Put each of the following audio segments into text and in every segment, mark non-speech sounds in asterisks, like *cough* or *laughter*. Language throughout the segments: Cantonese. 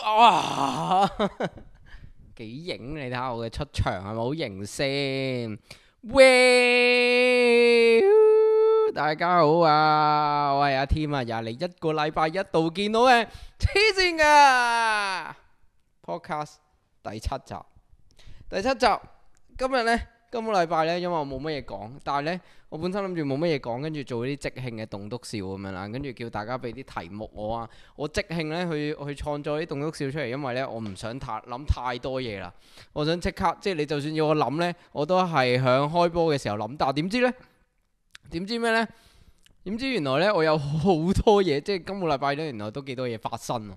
哇，幾型，你睇下我嘅出場係咪好型先？喂，大家好啊，我係阿添啊，又嚟一個禮拜一度見到嘅，痴線架！Podcast 第七集，第七集，今日呢。今個禮拜呢，因為我冇乜嘢講，但係呢，我本身諗住冇乜嘢講，跟住做啲即興嘅棟篤笑咁樣啦，跟住叫大家俾啲題目我啊，我即興呢去去創作啲棟篤笑出嚟，因為呢，我唔想太諗太多嘢啦，我想即刻，即係你就算要我諗呢，我都係響開波嘅時候諗，但係點知呢？點知咩呢？點知原來呢，我有好多嘢，即係今個禮拜呢，原來都幾多嘢發生。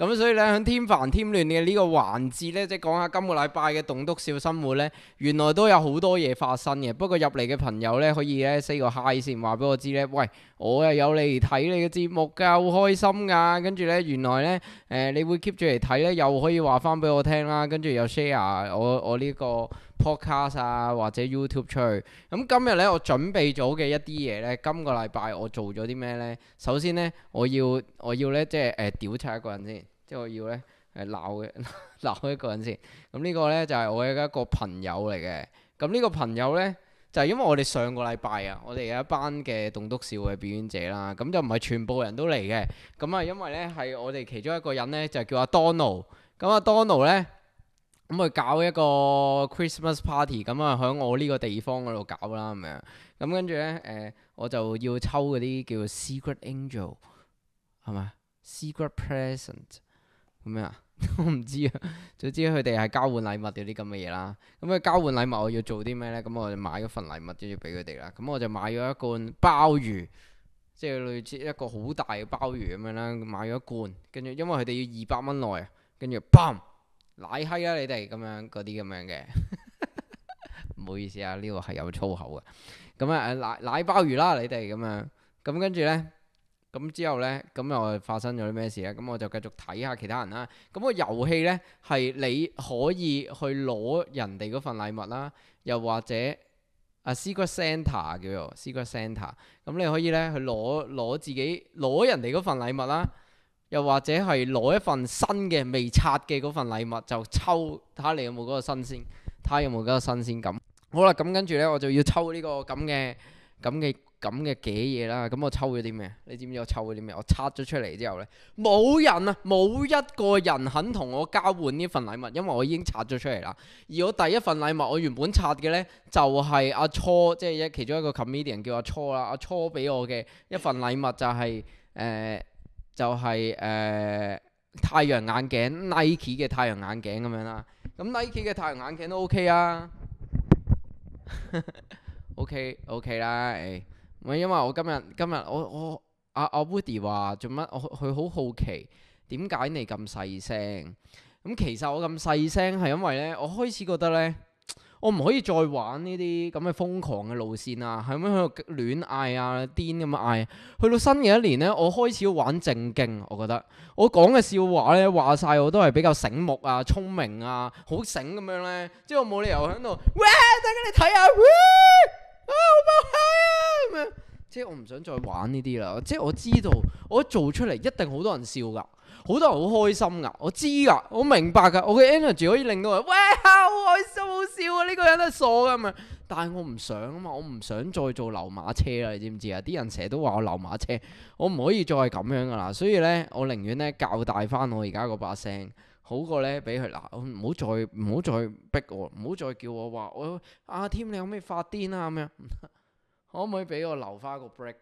咁所以咧，喺添煩添亂嘅呢個環節咧，即係講下今個禮拜嘅棟篤笑生活咧，原來都有好多嘢發生嘅。不過入嚟嘅朋友咧，可以咧 say 個 hi 先，話俾我知咧，喂。我又有嚟睇你嘅節目㗎，好開心㗎。跟住呢，原來呢，誒、呃、你會 keep 住嚟睇呢，又可以話翻俾我聽啦。跟住又 share 我我呢個 podcast 啊，或者 YouTube 出去。咁、嗯、今日呢，我準備咗嘅一啲嘢呢，今個禮拜我做咗啲咩呢？首先呢，我要我要呢，即係誒屌親一個人先，即係我要呢，誒鬧嘅鬧一個人先。咁、嗯、呢、這個呢，就係、是、我嘅一個朋友嚟嘅。咁、嗯、呢、這個朋友呢。就係因為我哋上個禮拜啊，我哋有一班嘅棟篤笑嘅表演者啦，咁就唔係全部人都嚟嘅，咁啊因為咧係我哋其中一個人咧就叫阿 Dono，咁阿 Dono 咧咁去搞一個 Christmas party，咁啊喺我呢個地方嗰度搞啦咁樣，咁跟住咧誒我就要抽嗰啲叫 secret angel 係咪？secret present 咁咩啊？我唔知啊，總之佢哋係交換禮物嗰啲咁嘅嘢啦。咁、嗯、啊，交換禮物我要做啲咩呢？咁、嗯、我就買咗份禮物跟住俾佢哋啦。咁、嗯、我就買咗一罐鮑魚，即係類似一個好大嘅鮑魚咁樣啦。買咗一罐，跟住因為佢哋要二百蚊內，跟住嘭奶閪啦你哋咁樣嗰啲咁樣嘅，唔 *laughs* 好意思啊，呢、這個係有粗口嘅。咁、嗯、啊，奶奶鮑魚啦你哋咁樣，咁跟住呢。咁之後呢，咁又發生咗啲咩事呢？咁我就繼續睇下其他人啦。咁個遊戲呢，係你可以去攞人哋嗰份禮物啦，又或者啊 Secret Santa 叫做 Secret Santa 咁你可以呢，去攞攞自己攞人哋嗰份禮物啦，又或者係攞一份新嘅未拆嘅嗰份禮物就抽，睇下你有冇嗰個新鮮，睇下有冇嗰個新鮮感。好啦，咁跟住呢，我就要抽呢個咁嘅咁嘅。咁嘅嘅嘢啦，咁我抽咗啲咩？你知唔知我抽咗啲咩？我拆咗出嚟之後咧，冇人啊，冇一個人肯同我交換呢份禮物，因為我已經拆咗出嚟啦。而我第一份禮物，我原本拆嘅咧就係、是、阿初，即係一其中一個 comedian 叫阿初啦。阿初俾我嘅一份禮物就係、是、誒、呃，就係、是、誒、呃、太陽眼鏡 Nike 嘅太陽眼鏡咁樣啦。咁 Nike 嘅太陽眼鏡都 OK 啊 *laughs* ，OK OK 啦，誒、yeah.。因為我今日今日我我阿阿 Woody 話做乜？我佢好好奇點解你咁細聲？咁其實我咁細聲係因為咧，我開始覺得咧，我唔可以再玩呢啲咁嘅瘋狂嘅路線啊，係咪喺度亂嗌啊、癲咁嗌？去到新嘅一年咧，我開始要玩正經。我覺得我講嘅笑話咧，話晒我都係比較醒目啊、聰明啊、好醒咁樣咧。即我冇理由喺度，喂，等緊你睇下、啊，啊！好啊是是即係我唔想再玩呢啲啦。即係我知道我一做出嚟一定好多人笑噶，好多人好開心噶，我知噶，我明白噶。我嘅 energy 可以令到人哇！好開心，好笑啊！呢、這個人都係傻噶咁，但係我唔想啊嘛，我唔想再做流馬車啦。你知唔知啊？啲人成日都話我流馬車，我唔可以再係咁樣噶啦。所以咧，我寧願咧較大翻我而家嗰把聲。好過呢，俾佢嗱，唔好再唔好再逼我，唔好再叫我話我阿添、啊、你有咩發癲啊咁樣， *laughs* 可唔可以俾我留翻個 break，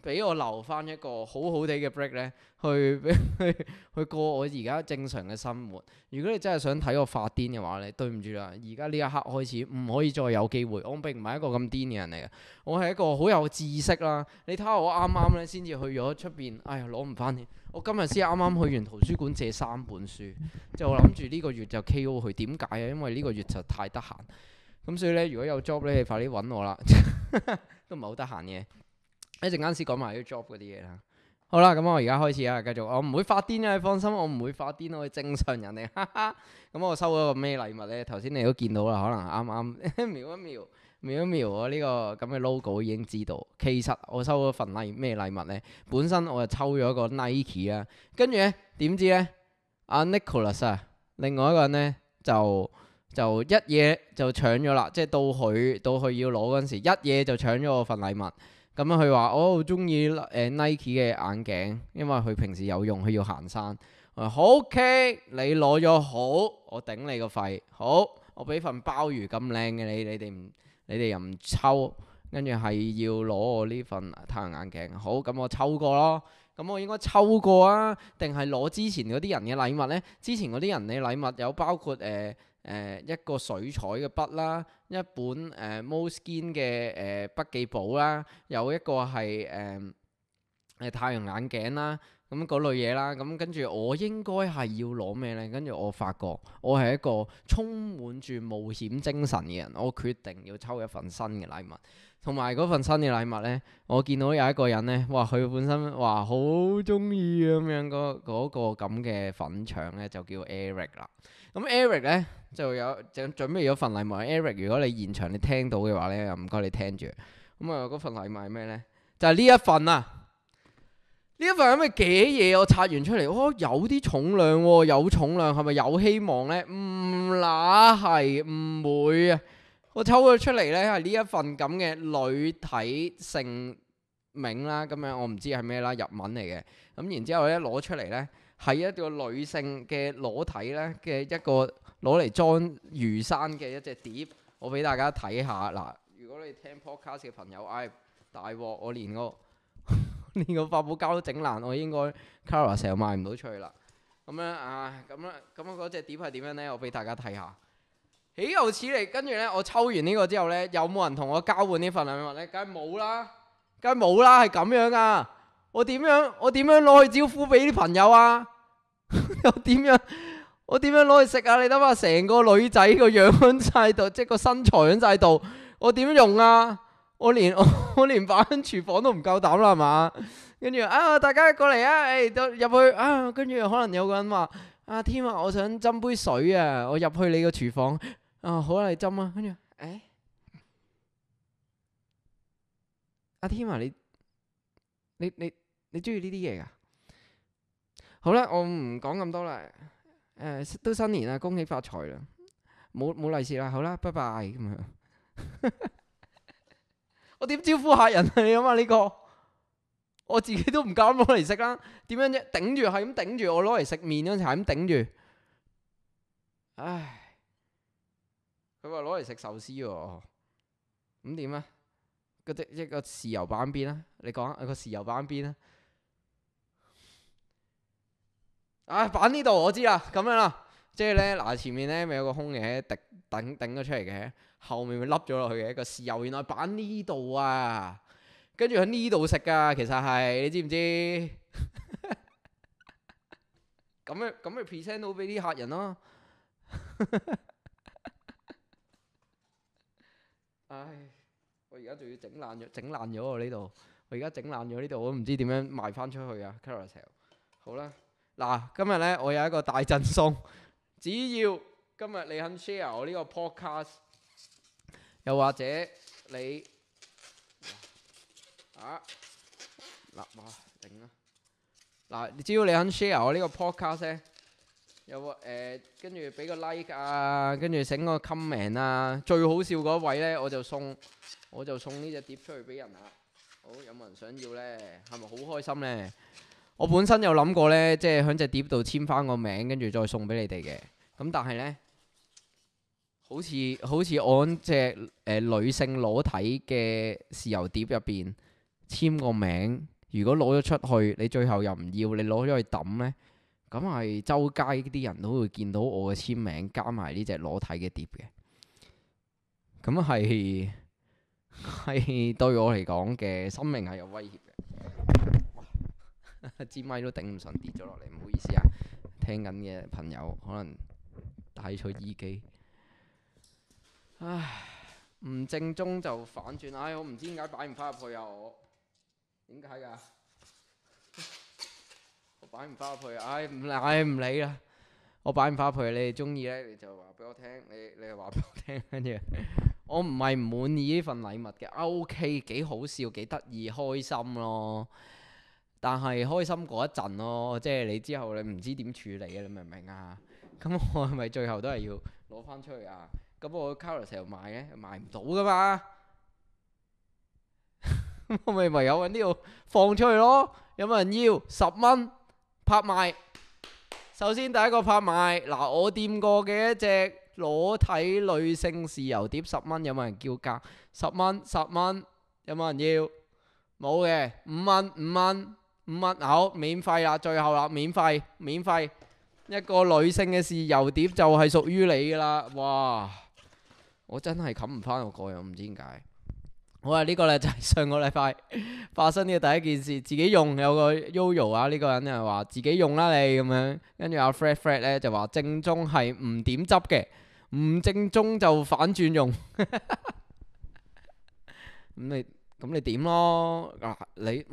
俾我留翻一個好好哋嘅 break 呢？去去 *laughs* 去過我而家正常嘅生活。如果你真係想睇我發癲嘅話咧，對唔住啦，而家呢一刻開始唔可以再有機會。我並唔係一個咁癲嘅人嚟嘅，我係一個好有知識啦。你睇下我啱啱呢，先至去咗出邊，哎呀攞唔翻添。我今日先啱啱去完圖書館借三本書，就我諗住呢個月就 KO 佢。點解啊？因為呢個月就太得閒，咁所以咧如果有 job 咧，你快啲揾我啦， *laughs* 都唔係好得閒嘅。一陣間先講埋啲 job 嗰啲嘢啦。好啦，咁我而家開始啊，繼續。我唔會發癲啊，放心，我唔會發癲啊，我係正常人嚟。咁我收咗個咩禮物咧？頭先你都見到啦，可能啱啱瞄一瞄。瞄一瞄我呢個咁嘅 logo 已經知道，其實我收咗份禮咩禮物呢？本身我就抽咗個 Nike 啊。跟住呢，點知呢？阿、啊、Nicholas 啊，另外一個人呢，就就一嘢就搶咗啦，即係到佢到佢要攞嗰陣時，一嘢就搶咗我份禮物。咁樣佢話：好、哦、中意 Nike 嘅眼鏡，因為佢平時有用，佢要行山。我話：好嘅，okay，你攞咗好，我頂你個肺，好，我俾份鮑魚咁靚嘅你，你哋唔？你哋又唔抽，跟住係要攞我呢份太陽眼鏡。好，咁、嗯、我抽過咯。咁、嗯、我應該抽過啊？定係攞之前嗰啲人嘅禮物咧？之前嗰啲人嘅禮物有包括誒誒、呃呃、一個水彩嘅筆啦，一本誒、呃、Moleskine 嘅誒筆、呃、記簿啦，有一個係誒誒太陽眼鏡啦。咁嗰、嗯、類嘢啦，咁跟住我應該係要攞咩呢？跟住我發覺我係一個充滿住冒險精神嘅人，我決定要抽一份新嘅禮物。同埋嗰份新嘅禮物呢，我見到有一個人呢，哇！佢本身哇好中意咁樣嗰嗰、嗰個咁嘅粉腸呢，就叫 Eric 啦。咁、嗯、Eric 呢，就有就準備咗份禮物。Eric，如果你現場你聽到嘅話呢，又唔該你聽住。咁、嗯、啊，嗰份禮物係咩呢？就係、係、呢一份啊！呢一份咁嘅嘅嘢，我拆完出嚟，哦，有啲重量喎，有重量，係咪有希望咧？唔乸係唔會啊！我抽咗出嚟咧，係呢一份咁嘅女體性名啦，咁樣我唔知係咩啦，日文嚟嘅。咁然之後咧，攞出嚟咧，係一個女性嘅裸體咧嘅一個攞嚟裝魚生嘅一隻碟，我俾大家睇下。嗱，如果你聽 podcast 嘅朋友，哎，大鑊！我連個。連個發泡膠都整爛，我應該 Carla 成日賣唔到出去啦。咁樣啊，咁樣咁啊，嗰隻碟係點樣咧？我俾大家睇下。豈有此理！跟住咧，我抽完呢個之後咧，有冇人同我交換呢份禮物咧？梗係冇啦，梗係冇啦，係咁樣啊！我點樣？我點樣攞去招呼俾啲朋友啊？又點樣？我點樣攞去食啊？你諗下，成個女仔個樣喺度，即係個身材喺度，我點用啊？我連我。我連擺喺廚房都唔夠膽啦，係嘛？跟住啊，大家過嚟、哎、啊，誒，到入去啊，跟住可能有個人話：阿添啊，Tim, 我想斟杯水啊，我入去你個廚房啊，好啦，你斟啊。跟住誒，阿添啊，你啊、哎、啊 Tim, 你你你中意呢啲嘢㗎。好啦，我唔講咁多啦。誒、呃，都新年啦，恭喜發財啦！冇冇利是啦，好啦，拜拜咁樣。 *laughs* 我點招呼客人啊？你諗下呢個，我自己都唔敢攞嚟食啦。點樣啫？頂住係咁頂住，我攞嚟食麵嗰陣時係咁頂住。唉，佢話攞嚟食壽司喎、啊，咁、嗯、點啊？個的即係個豉油板邊啦、啊，你講啊個豉油板邊啦、啊。啊，板呢度我知啦，咁樣啦，即係咧嗱，前面咧咪有個空嘅，滴頂頂咗出嚟嘅。後面會凹咗落去嘅一個豉油，原來擺呢度啊，跟住喺呢度食啊。其實係你知唔知咁嘅咁嘅 present 到俾啲客人咯。唉，我而家仲要整爛咗，整爛咗喎呢度。我而家整爛咗呢度，我都唔知點樣賣翻出去啊。Carla，好啦，嗱，今日咧我有一個大贈送，只要今日你肯 share 我呢個 podcast。又或者你啊，嗱，哇，頂啦！嗱，只要你肯 share 我呢個 podcast 咧，有誒跟住俾個 like 啊，跟住整個 comment 啊，最好笑嗰位咧，我就送，我就送呢隻碟出去俾人啊！好，有冇人想要咧？係咪好開心咧？我本身有諗過咧，即係喺隻碟度簽翻個名，跟住再送俾你哋嘅。咁但係咧。好似好似我隻誒女性裸體嘅豉油碟入邊簽個名，如果攞咗出去，你最後又唔要，你攞咗去抌咧，咁係周街啲人都會見到我嘅簽名加埋呢隻裸體嘅碟嘅，咁係係對我嚟講嘅生命係有威脅嘅、 *laughs* 啊。支咪都頂唔順，跌咗落嚟，唔好意思啊，聽緊嘅朋友可能戴錯耳機。唉，唔正宗就反轉，唉，我唔知點解擺唔翻入去啊！我點解㗎？我擺唔翻入去，唉，唔唉唔理啦。我擺唔翻入去，你哋中意咧，你就話俾我聽，你你話俾我聽，跟住我唔係唔滿意呢份禮物嘅，OK，幾好笑，幾得意，開心咯。但係開心過一陣咯，即係你之後你唔知點處理啊！你明唔明啊？咁我係咪最後都係要攞翻出去啊？咁我去 Carlsay 賣嘅賣唔到噶嘛，我咪唯有喺呢度放出去咯。有冇人要十蚊拍賣？首先第一個拍賣嗱，我掂過嘅一隻裸體女性豉油碟十蚊，有冇人叫價？十蚊十蚊，有冇人要？冇嘅，五蚊五蚊五蚊。好，免費啦，最後啦，免費免費一個女性嘅豉油碟就係屬於你噶啦，哇！我真係冚唔翻個蓋，啊我，唔知點解。好啊呢個咧就係、是、上個禮拜 *laughs* 發生嘅第一件事，自己用有個 Yoyo 啊，呢、呢個人就話自己用啦、啊、你咁樣，跟住阿 Fred Fred 咧就話正宗係唔點汁嘅，唔正宗就反轉用。咁 *laughs* 你咁你點咯？嗱、啊、你。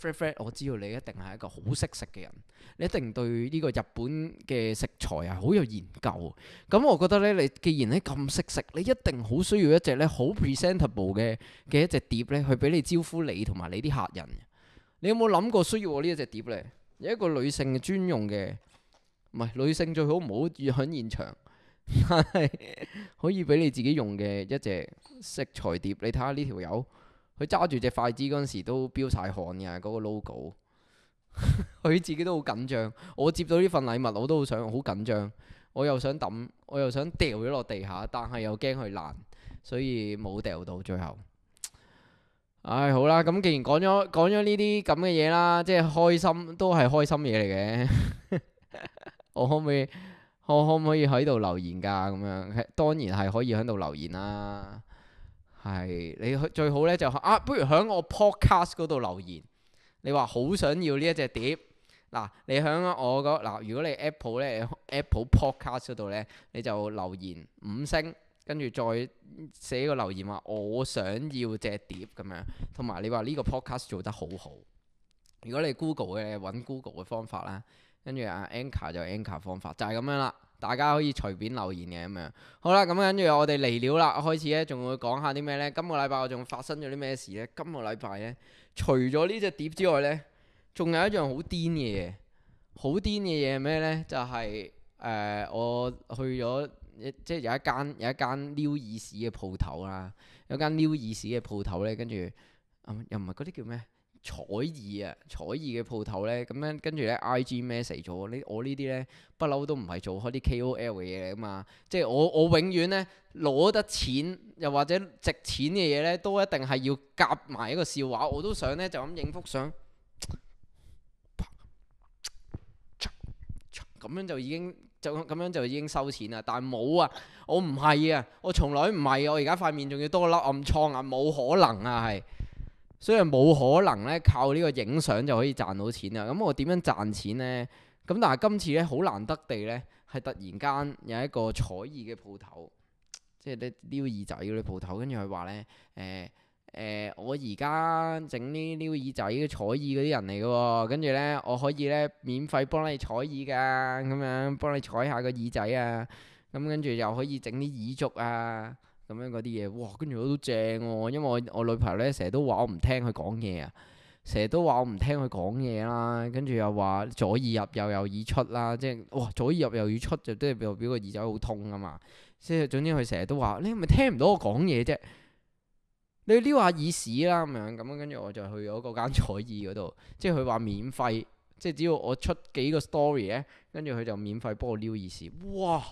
Fred，Fred，我知道你一定係一個好識食嘅人，你一定對呢個日本嘅食材係好有研究。咁、嗯、我覺得呢，你既然咧咁識食，你一定好需要一隻呢好 presentable 嘅嘅一隻碟呢去俾你招呼你同埋你啲客人。你有冇諗過需要我呢一隻碟呢？有一個女性專用嘅，唔係女性最好唔好要喺現場，可以俾你自己用嘅一隻食材碟。你睇下呢條友。佢揸住隻筷子嗰陣時都飆晒汗嘅，嗰個 logo，佢 *laughs* 自己都好緊張。我接到呢份禮物我，我都好想，好緊張，我又想抌，我又想掉咗落地下，但係又驚佢爛，所以冇掉到最後。唉，好啦，咁既然講咗講咗呢啲咁嘅嘢啦，即係開心都係開心嘢嚟嘅。我可唔可以我可唔可以喺度留言㗎？咁樣當然係可以喺度留言啦。係，你去最好咧就啊，不如響我 podcast 度留言，你話好想要呢一隻碟，嗱，你響我、嗰嗱，如果你 Apple 咧 Apple podcast 度咧，你就留言五星，跟住再寫個留言話我想要隻碟咁樣，同埋你話呢個 podcast 做得好好。如果你 Google 嘅，你揾 Google 嘅方法啦，跟住啊 Anchor 就 Anchor 方法，就係、是、咁樣啦。大家可以隨便留言嘅咁樣，好啦，咁跟住我哋嚟料啦。開始咧，仲會講下啲咩呢？今個禮拜我仲發生咗啲咩事呢？今個禮拜呢，除咗呢隻碟之外呢，仲有一樣好癲嘅嘢，好癲嘅嘢係咩呢？就係、是、誒、呃，我去咗即係有一間有一間撩耳屎嘅鋪頭啦，有間撩耳屎嘅鋪頭呢，跟住、嗯、又唔係嗰啲叫咩？彩意啊，彩意嘅鋪頭呢，咁樣跟住呢 IG message 咗。呢我呢啲呢，message，呢不嬲都唔係做開啲 KOL 嘅嘢嚟噶嘛，即係我我永遠呢，攞得錢又或者值錢嘅嘢呢，都一定係要夾埋一個笑話。我都想呢，就咁影幅相，咁樣就已經就咁樣就已經收錢啦。但係冇啊，我唔係啊，我從來唔係啊，我而家塊面仲要多粒暗瘡啊，冇可能啊，係。雖然冇可能咧，靠呢個影相就可以賺到錢啦。咁我點樣賺錢呢？咁但係今次咧，好難得地咧，係突然間有一個彩耳嘅鋪頭，即係咧撩耳仔啲鋪頭。跟住佢話呢，欸「誒、欸、誒，我而家整呢啲撩耳仔、彩耳嗰啲人嚟嘅喎。跟住呢，我可以呢，免費幫你彩耳㗎，咁樣幫你彩下個耳仔啊。咁跟住又可以整啲耳竹啊。咁樣嗰啲嘢，哇、啊！跟住我都正喎，因為我我女朋友咧成日都話常常我唔聽佢講嘢啊，成日都話我唔聽佢講嘢啦，跟住又話左耳入右右耳出啦，即係哇左耳入右耳出就都係表個耳仔好痛啊嘛。即係總之佢成日都話你係咪聽唔到我講嘢啫？你撩下耳屎啦咁樣，咁跟住我就去咗嗰間彩耳嗰度，即係佢話免費，即係只要我出幾個 story，跟住佢就免費幫我撩耳屎。哇！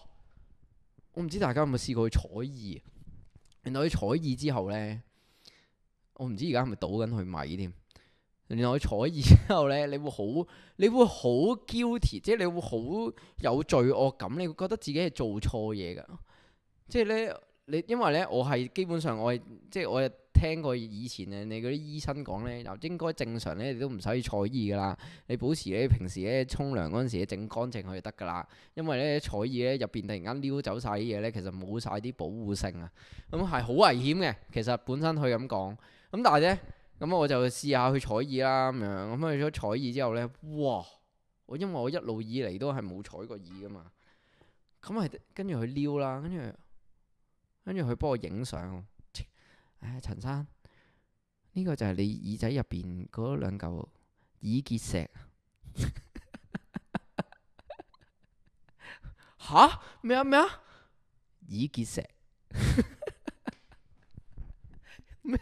我唔知大家有冇試過去彩耳？然後你採耳之後咧，我唔知而家係咪倒緊佢米添。然後你採耳之後咧，你會好，你會好 guilty，即係你會好有罪惡感，你會覺得自己係做錯嘢噶。即係咧，你因為咧，我係基本上我係，即係我係。聽過以前啊，你嗰啲醫生講咧，又應該正常咧，你都唔使去採耳噶啦。你保持你平時咧沖涼嗰陣時整乾淨佢就得噶啦。因為咧採耳咧入邊突然間撩走晒啲嘢咧，其實冇晒啲保護性啊，咁係好危險嘅。其實本身佢咁講，咁、嗯、但係咧，咁、嗯、我就試下去採耳啦咁樣。咁、嗯、去咗採耳之後咧，哇！我因為我一路以嚟都係冇採過耳噶嘛，咁係跟住佢撩啦，跟住跟住佢幫我影相。誒，陳生，呢個就係你耳仔入邊嗰兩嚿耳結石。吓咩啊？咩啊？耳結石。咩 *laughs* 耳？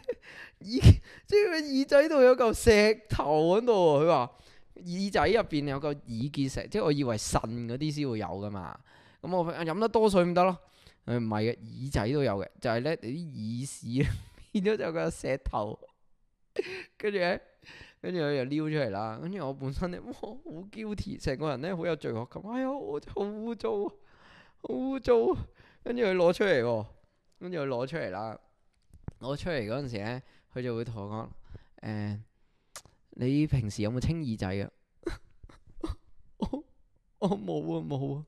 即係耳仔度有嚿石頭喺度啊！佢話耳仔入邊有嚿耳結石，即係我以為腎嗰啲先會有噶嘛。咁我飲得多水唔得咯。誒唔係嘅，耳仔都有嘅，就係咧啲耳屎變咗就個石頭，跟住咧，跟住佢就撩出嚟啦。跟住我本身咧，哇好嬌甜，成個人咧好有罪惡感，哎呀我好污糟，好污糟。跟住佢攞出嚟喎，跟住佢攞出嚟啦，攞出嚟嗰陣時咧，佢就會同我講，誒、哎，你平時有冇清耳仔噶？ *laughs* 我我冇啊冇啊，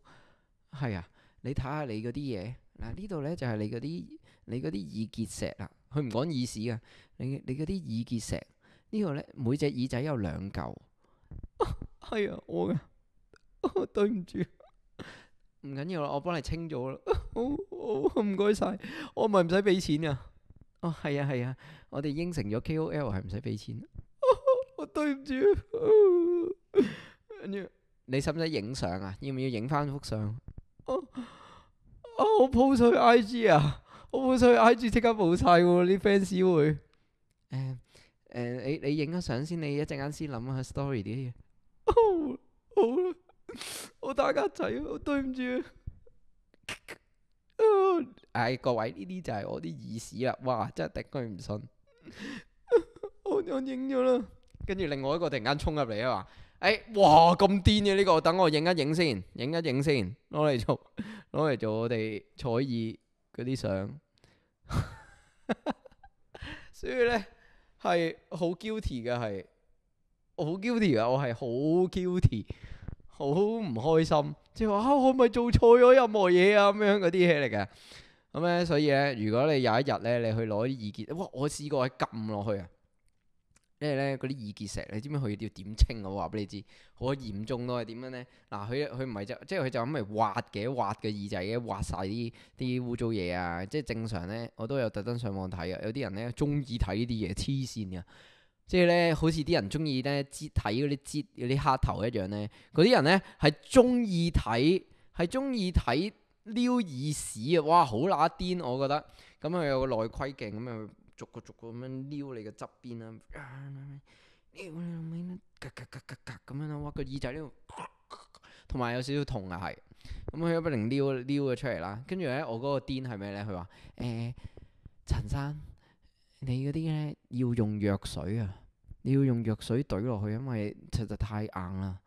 係啊，你睇下你嗰啲嘢。嗱、啊、呢度咧就係、是、你嗰啲你啲耳結石啊，佢唔講耳屎㗎，你你嗰啲耳結石呢個咧每隻耳仔有兩嚿，係啊，哎、我嘅，我對唔住，唔緊要啦，我幫你清咗啦，好、啊，唔該晒，我咪唔使俾錢啊，哦係啊係啊，啊，我哋應承咗 KOL 係唔使俾錢、啊，我對唔住，住 *laughs* 你使唔使影相啊？要唔要影返幅相？啊、哦！我 po 上去 IG 啊，我 po 上去 IG 即刻冇晒喎，啲 fans 會誒誒、嗯嗯，你你影個相先，你想一陣間先諗下 story 啲嘢、哦。好，我打家一齊，我對唔住啊！哎，各位呢啲就係我啲意思啦，哇，真係頂佢唔順。 *laughs* 我我影咗啦，跟住另外一個突然間衝入嚟啊話。誒，哇，咁癲嘅呢個，等我影一影先，影一影先，攞嚟做，攞嚟做我哋彩耳嗰啲相。所以咧係好 guilty 嘅，係好 guilty 嘅，我係好 guilty，好唔開心，即係話啊，可唔可以做錯咗任何嘢啊咁樣嗰啲嘢嚟嘅。咁咧，所以咧，如果你有一日咧，你去攞啲意見，哇，我試過係撳落去啊。因為咧啲耳結石，你知唔知佢要點清？我話俾你知，好嚴重咯。點樣咧？嗱，佢佢唔係就即係佢就咁嚟挖嘅，挖嘅耳仔嘅，挖晒啲啲污糟嘢啊！即係、啊、正常咧，我都有特登上網睇啊。有啲人咧中意睇呢啲嘢，黐線啊。即係咧，好似啲人中意咧擠睇嗰啲擠嗰啲黑頭一樣咧。嗰啲人咧係中意睇係中意睇撩耳屎啊！哇，好乸癲，我覺得。咁佢有個內窺鏡咁啊～逐、啊啊、個逐個咁樣撩你嘅側邊啦，咁樣啦，哇，個耳仔呢度，同埋有少少痛啊係，咁佢不停撩撩佢出嚟啦，跟住咧我嗰個癲係咩咧？佢話，誒，陳生，你嗰啲咧要用藥水啊，你要用藥水懟落去，因為實在太硬啦，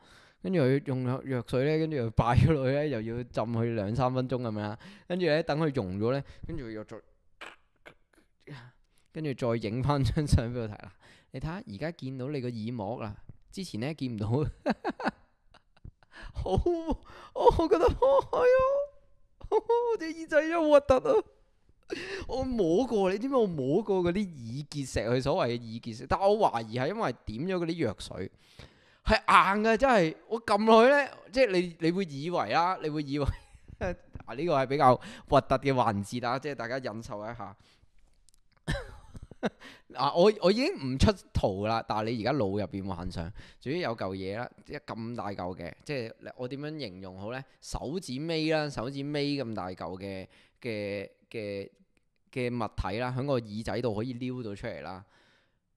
跟住佢用藥水咧，跟住又擺咗落去咧，又要浸佢兩三分鐘咁樣，跟住咧等佢溶咗咧，跟住佢又再。跟住再影翻張相俾我睇啦！你睇下而家見到你個耳膜啦，之前咧見唔到， *laughs* 好我覺得哎呀，我隻耳仔真係核突啊！ *laughs* 我， *laughs* 我摸過，你知唔知我摸過嗰啲耳結石？佢所謂嘅耳結石，但我懷疑係因為點咗嗰啲藥水，係硬嘅真係。我撳落去咧，即係你你會以為啦，你會以為 *laughs* 啊呢個係比較核突嘅環節啊，即係大家忍受一下。嗱、 *laughs* 啊，我我已經唔出圖啦，但係你而家腦入邊幻想，總之有嚿嘢啦，一咁大嚿嘅，即係我點樣形容好呢？手指尾啦，手指尾咁大嚿嘅嘅嘅嘅物體啦，喺個耳仔度可以撩到出嚟啦，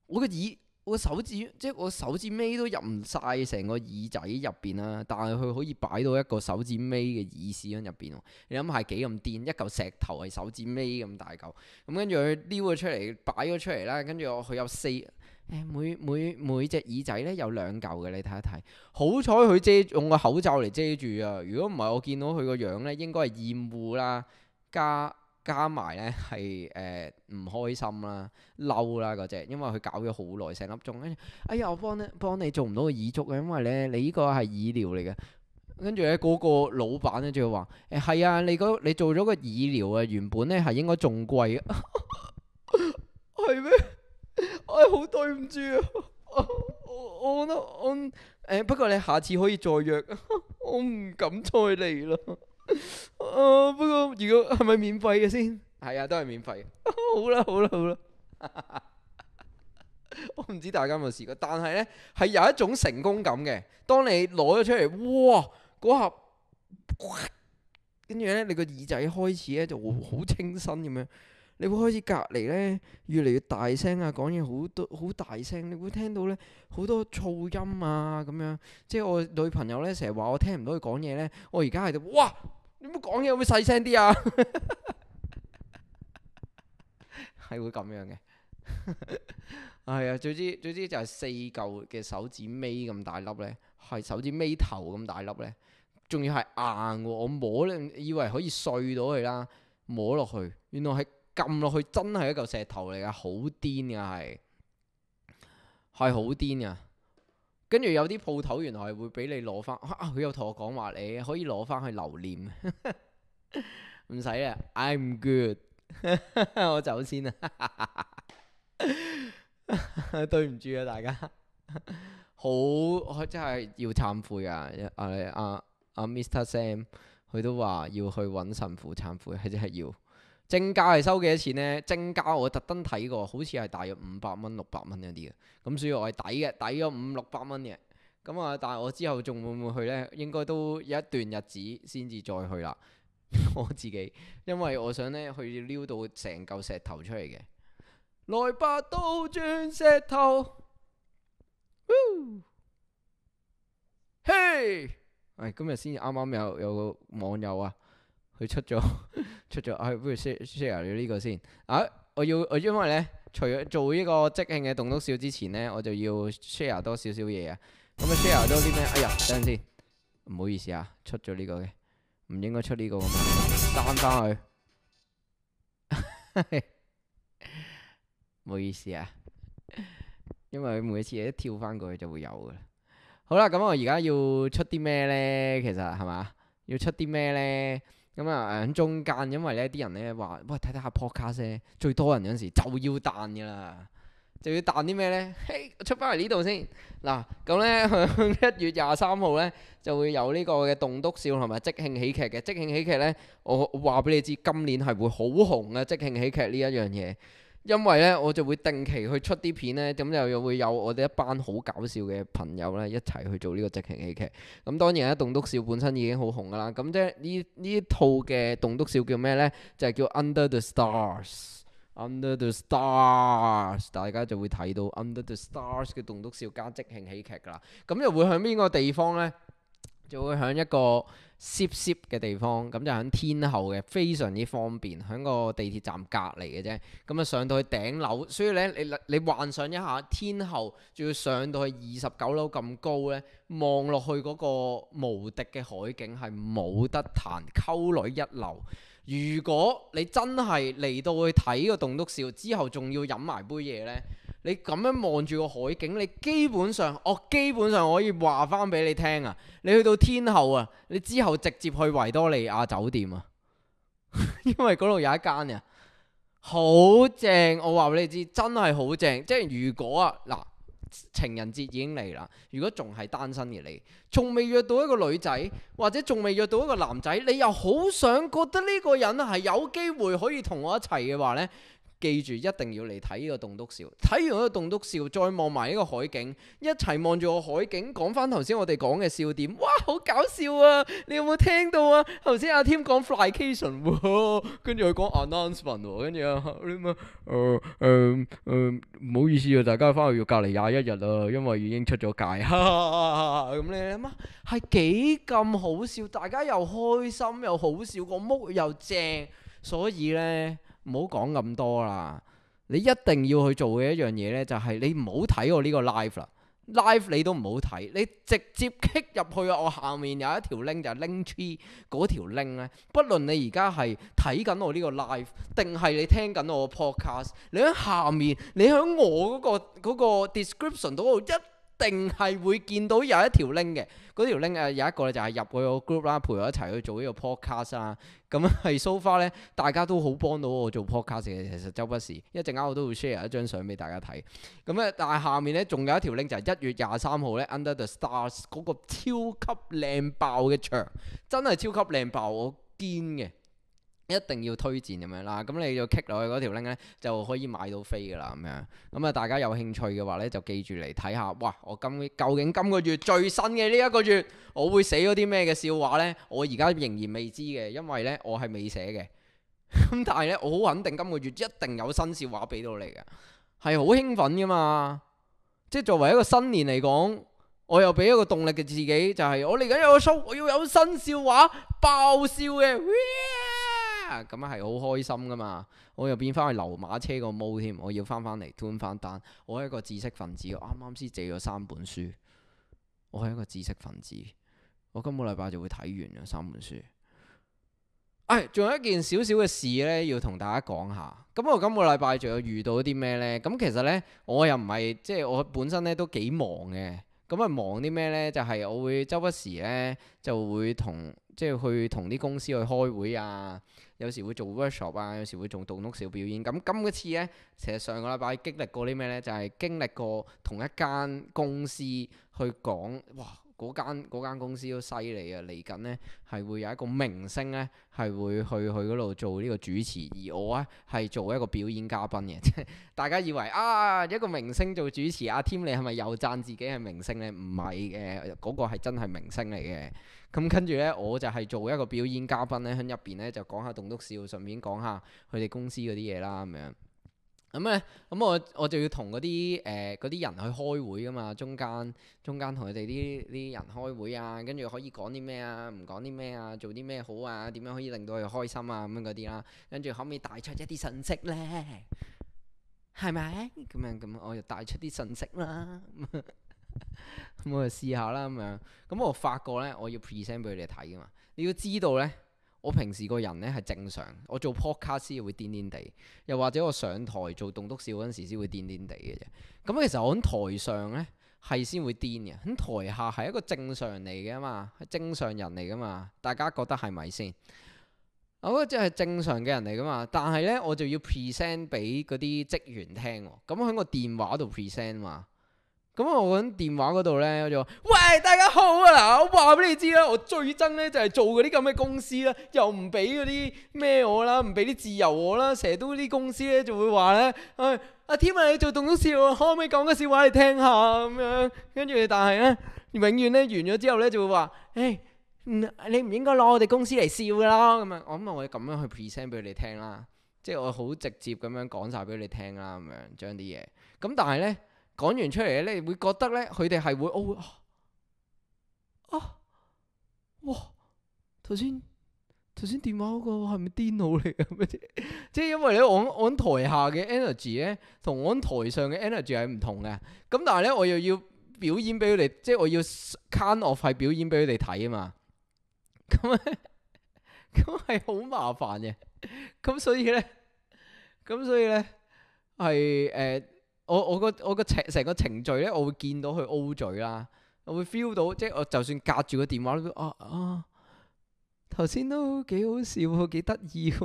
我個耳。我手指即係我手指尾都入唔晒成個耳仔入邊啦，但係佢可以擺到一個手指尾嘅耳屎喺入邊。你諗下幾咁癲，一嚿石頭係手指尾咁大嚿，咁跟住佢撩咗出嚟，擺咗出嚟啦。跟住佢有四，欸、每每每隻耳仔咧有兩嚿嘅。你睇一睇，好彩佢遮用個口罩嚟遮住啊！如果唔係，我見到佢個樣咧，應該係厭惡啦加。加埋咧，係誒唔開心啦、嬲啦嗰隻，因為佢搞咗好耐成粒鐘，跟住哎呀我幫你幫你做唔到個耳燭啊，因為咧你個呢個係耳療嚟嘅，跟住咧嗰個老闆咧仲要話誒係啊，你、嗰個、你做咗個耳療啊，原本咧係應該仲貴嘅，係 *laughs* 咩、哎啊？ *laughs* 我好對唔住啊！我我我誒不過你下次可以再約， *laughs* 我唔敢再嚟啦。 *laughs* 啊，不過如果係咪免費嘅先？係啊，都係免費。 *laughs* 好啦，好啦，好啦。我唔知大家有冇試過，但係呢，係有一種成功感嘅。當你攞咗出嚟，哇，嗰盒跟住呢，你個耳仔開始呢就好清新咁樣。你會開始隔籬呢，越嚟越大聲啊，講嘢好多好大聲。你會聽到呢好多噪音啊，咁樣。即係我女朋友呢，成日話我聽唔到佢講嘢呢。我而家喺度哇！你唔講嘢會細聲啲啊？係 *laughs* 會咁這樣嘅、 *laughs* 哎。係啊，總之，總之就係四嚿嘅手指尾咁大粒咧，係手指尾頭咁大粒咧，仲要係硬喎。我摸咧，以為可以碎到佢啦，摸落去，原來係撳落去真係一嚿石頭嚟噶，好癲啊！係，係好癲啊！跟住有啲鋪頭原來係會俾你攞翻，佢又同我講話，你可以攞翻去留念，唔使啊，I'm good， *laughs* 我走先 *laughs* 啊，對唔住啊大家 *laughs* 好，好我真係要懺悔噶，阿、啊、阿、啊、Mr. Sam 佢都話要去揾神父懺悔，係真係要。正價係收幾多錢呢？正價我特登睇過，好似係大約五百蚊、六百蚊一啲嘅。咁所以我係抵嘅，抵咗五六百蚊嘅。咁啊，但係我之後仲會唔會去呢？應該都有一段日子先至再去啦。 *laughs* 我自己，因為我想呢去撩到成嚿石頭出嚟嘅。來吧、 *laughs* 哎，倒轉石頭。嘿，係今日先至啱啱有有個網友啊。佢出咗出咗，哎、啊，不如 share share 咗呢個先。啊，我要我因為咧，除咗做呢個即興嘅棟篤笑之前咧，我就要 share 多少少嘢啊。咁啊，share 多啲咩？哎呀，等陣先，唔好意思啊，出咗呢個嘅，唔應該出呢個。咁啊，刪翻去。唔 *laughs* 好意思啊，因為每次一跳翻過去就會有㗎喇。好啦，咁我而家要出啲咩咧？其實係嘛，要出啲咩咧？咁啊，喺、嗯、中間，因為呢啲人呢話，喂，睇睇下 podcast 先最多人有陣時就要彈噶啦，就要彈啲咩呢？嘿，出翻嚟呢度先。嗱，咁呢，一、嗯、月廿三號呢，就會有呢個嘅棟篤笑同埋即興喜劇嘅，即興喜劇呢，我話俾你知，今年係會好紅嘅，即興喜劇呢一樣嘢。因為咧，我就會定期去出啲片咧，咁又又會有我哋一班好搞笑嘅朋友咧一齊去做呢個即興喜劇。咁、嗯、當然，咧棟篤笑本身已經好紅噶啦。咁即係呢呢套嘅棟篤笑叫咩咧？就係、是、叫 Under the Stars。Under the Stars，大家就會睇到 Under the Stars 嘅棟篤笑加即興喜劇噶啦。咁、嗯、又會響邊個地方咧？就會響一個攝攝嘅地方，咁就喺天后嘅，非常之方便，喺個地鐵站隔離嘅啫。咁啊，上到去頂樓，所以咧，你你幻想一下，天后仲要上到去二十九樓咁高呢，望落去嗰個無敵嘅海景係冇得彈，溝女一流。如果你真係嚟到去睇個棟篤笑之後，仲要飲埋杯嘢呢？你咁樣望住個海景，你基本上，我、哦、基本上可以話翻俾你聽啊，你去到天后啊，你之後直接去維多利亞酒店啊， *laughs* 因為嗰度有一間啊。好正，我話俾你知，真係好正，即係如果啊嗱。情人節已經嚟啦，如果仲係單身而嚟，仲未約到一個女仔，或者仲未約到一個男仔，你又好想覺得呢個人係有機會可以同我一齊嘅話呢，記住一定要嚟睇呢個棟篤笑，睇完呢個棟篤笑，再望埋呢個海景，一齊望住個海景，講翻頭先我哋講嘅笑點，哇，好搞笑啊！你有冇聽到啊？頭先阿添講 flycation，跟住佢講 announcement，跟住啊，你、啊、嘛，唔、啊啊、好意思啊，大家翻去要隔離廿一日啦，因為已經出咗界。咁你諗下，係幾咁好笑？大家又開心又好笑，個屋又正，所以呢。唔好講咁多啦！你一定要去做嘅一樣嘢呢，就係你唔好睇我呢個 live 啦，live 你都唔好睇，你直接 kick 入去啊！我下面有一條 link 就係 link tree 嗰條 link 呢。不論你而家係睇緊我呢個 live 定係你聽緊我 podcast，你喺下面，你喺我嗰、嗰個、嗰個、description 度一定係會見到有一條 link 嘅，嗰條 link 誒有一個咧就係入去我 group 啦，陪我一齊去做呢個 podcast 啦。咁係 so far 咧，大家都好幫到我做 podcast 嘅。其實周不時，一陣間我都會 share 一張相俾大家睇。咁咧，但係下面咧仲有一條 link 就係、是、一月廿三號咧 Under the Stars 嗰個超級靚爆嘅場，真係超級靚爆，我堅嘅。一定要推薦咁樣啦，咁你就 kick 落去嗰條 link 咧就可以買到飛噶啦。咁樣咁啊，大家有興趣嘅話咧，就記住嚟睇下。哇！我今究竟今個月最新嘅呢一個月，我會寫嗰啲咩嘅笑話咧？我而家仍然未知嘅，因為咧我係未寫嘅。咁但係咧，我好肯定今個月一定有新笑話俾到你嘅，係好興奮噶嘛。即係作為一個新年嚟講，我又俾一個動力嘅自己，就係、是、我嚟緊有個 show，我要有新笑話爆笑嘅。咁啊，係好開心噶嘛！我又變翻去流馬車個毛添，我要翻翻嚟吞翻單。我係一個知識分子，我啱啱先借咗三本書。我係一個知識分子，我今個禮拜就會睇完咗三本書。哎，仲有一件小小嘅事呢，要同大家講下。咁我今個禮拜仲有遇到啲咩呢？咁其實呢，我又唔係，即係我本身呢都幾忙嘅。咁啊，忙啲咩呢？就係我會周不時呢就會同即係去同啲公司去開會啊。有時會做 workshop 啊，有時會做棟篤笑表演。咁今次咧，其實上個禮拜經歷過啲咩咧？就係、是、經歷過同一間公司去講，哇！嗰間，嗰間公司都犀利啊！嚟緊呢，係會有一個明星呢，係會去佢嗰度做呢個主持，而我呢係做一個表演嘉賓嘅。即 *laughs* 係大家以為啊，一個明星做主持阿添、啊、你係咪又讚自己係明星呢？唔係嘅，嗰、嗰個係真係明星嚟嘅。咁跟住呢，我就係做一個表演嘉賓呢。喺入邊呢，就講下棟篤笑，順便講下佢哋公司嗰啲嘢啦咁樣。是咁咧，咁、嗯、我我就要同嗰啲誒嗰啲人去開會噶嘛，中間中間同佢哋啲啲人開會啊，跟住可以講啲咩啊，唔講啲咩啊，做啲咩好啊，點樣可以令到佢開心啊咁樣嗰啲啦，跟住可唔可以帶出一啲信息咧，係咪？咁樣咁、 *laughs* 嗯，我就帶出啲信息啦，咁我就試下啦咁樣。咁、嗯、我發覺咧，我要 present 俾佢哋睇噶嘛，你要知道咧。我平時個人呢係正常，我做 podcast 又會癲癲地，又或者我上台做棟篤笑嗰陣時先會癲癲地嘅啫。咁其實我喺台上呢係先會癲嘅，喺台下係一個正常人嚟嘅嘛，係正常人嚟嘅嘛。大家覺得係咪先？我即係正常嘅人嚟嘅嘛，但係呢我就要 present 俾嗰啲職員聽喎，咁喺個電話度 present 嘛。咁我喺電話嗰度咧，我就話：喂，大家好啊！嗱，我話俾你知啦，我最憎咧就係做嗰啲咁嘅公司啦，又唔俾嗰啲咩我啦，唔俾啲自由我啦，成日都啲公司咧就會話咧，誒阿添啊，你做棟篤笑啊，可唔可以講個笑話你聽下咁樣？跟住但係咧，永遠咧完咗之後咧就會話：誒、欸，唔你唔應該攞我哋公司嚟笑噶啦！咁啊，我諗我會咁樣去 present 俾你聽啦，即係我好直接咁樣講晒俾你聽啦，咁樣將啲嘢。咁但係咧。講完出嚟咧，你會覺得咧，佢哋係會哦啊，啊哇！頭先頭先電話嗰個係咪癲佬嚟嘅？即 *laughs* 係因為咧，我我台下嘅 energy 咧，同我台上嘅 energy 係唔同嘅。咁但係咧，我又要表演俾佢哋，即、就、係、是、我要 cut off 係表演俾佢哋睇啊嘛。咁啊，咁係好麻煩嘅。咁所以咧，咁所以咧係誒。我我個我個程成個程序咧，我會見到佢 O 嘴啦，我會 feel 到即係我就算隔住個電話，啊啊，頭先都幾好笑，啊，幾得意喎。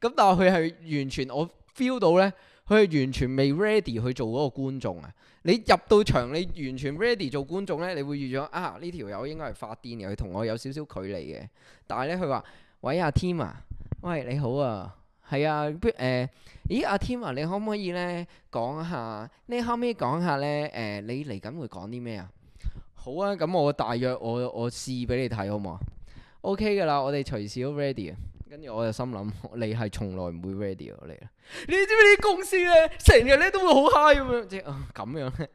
咁但係佢係完全我 feel 到咧，佢係完全未 ready 去做嗰個觀眾啊。你入到場，你完全 ready 做觀眾咧，你會預咗啊呢條友應該係發癲嘅，佢同我有少少距離嘅。但係咧，佢話：喂阿、啊、Tim 啊，喂你好啊。係啊，不、呃、咦，阿、啊、Tim 啊，你可唔可以咧講一下？你後屘講下咧，誒、呃，你嚟緊會講啲咩啊？好啊，咁我大約我我試俾你睇好唔好？OK 噶啦，我哋隨時都 ready 啊。跟住我就心諗，你係從來唔會 ready 嘅你。你知唔知啲公司咧，成日咧都會好 high 咁樣，即咁樣咧，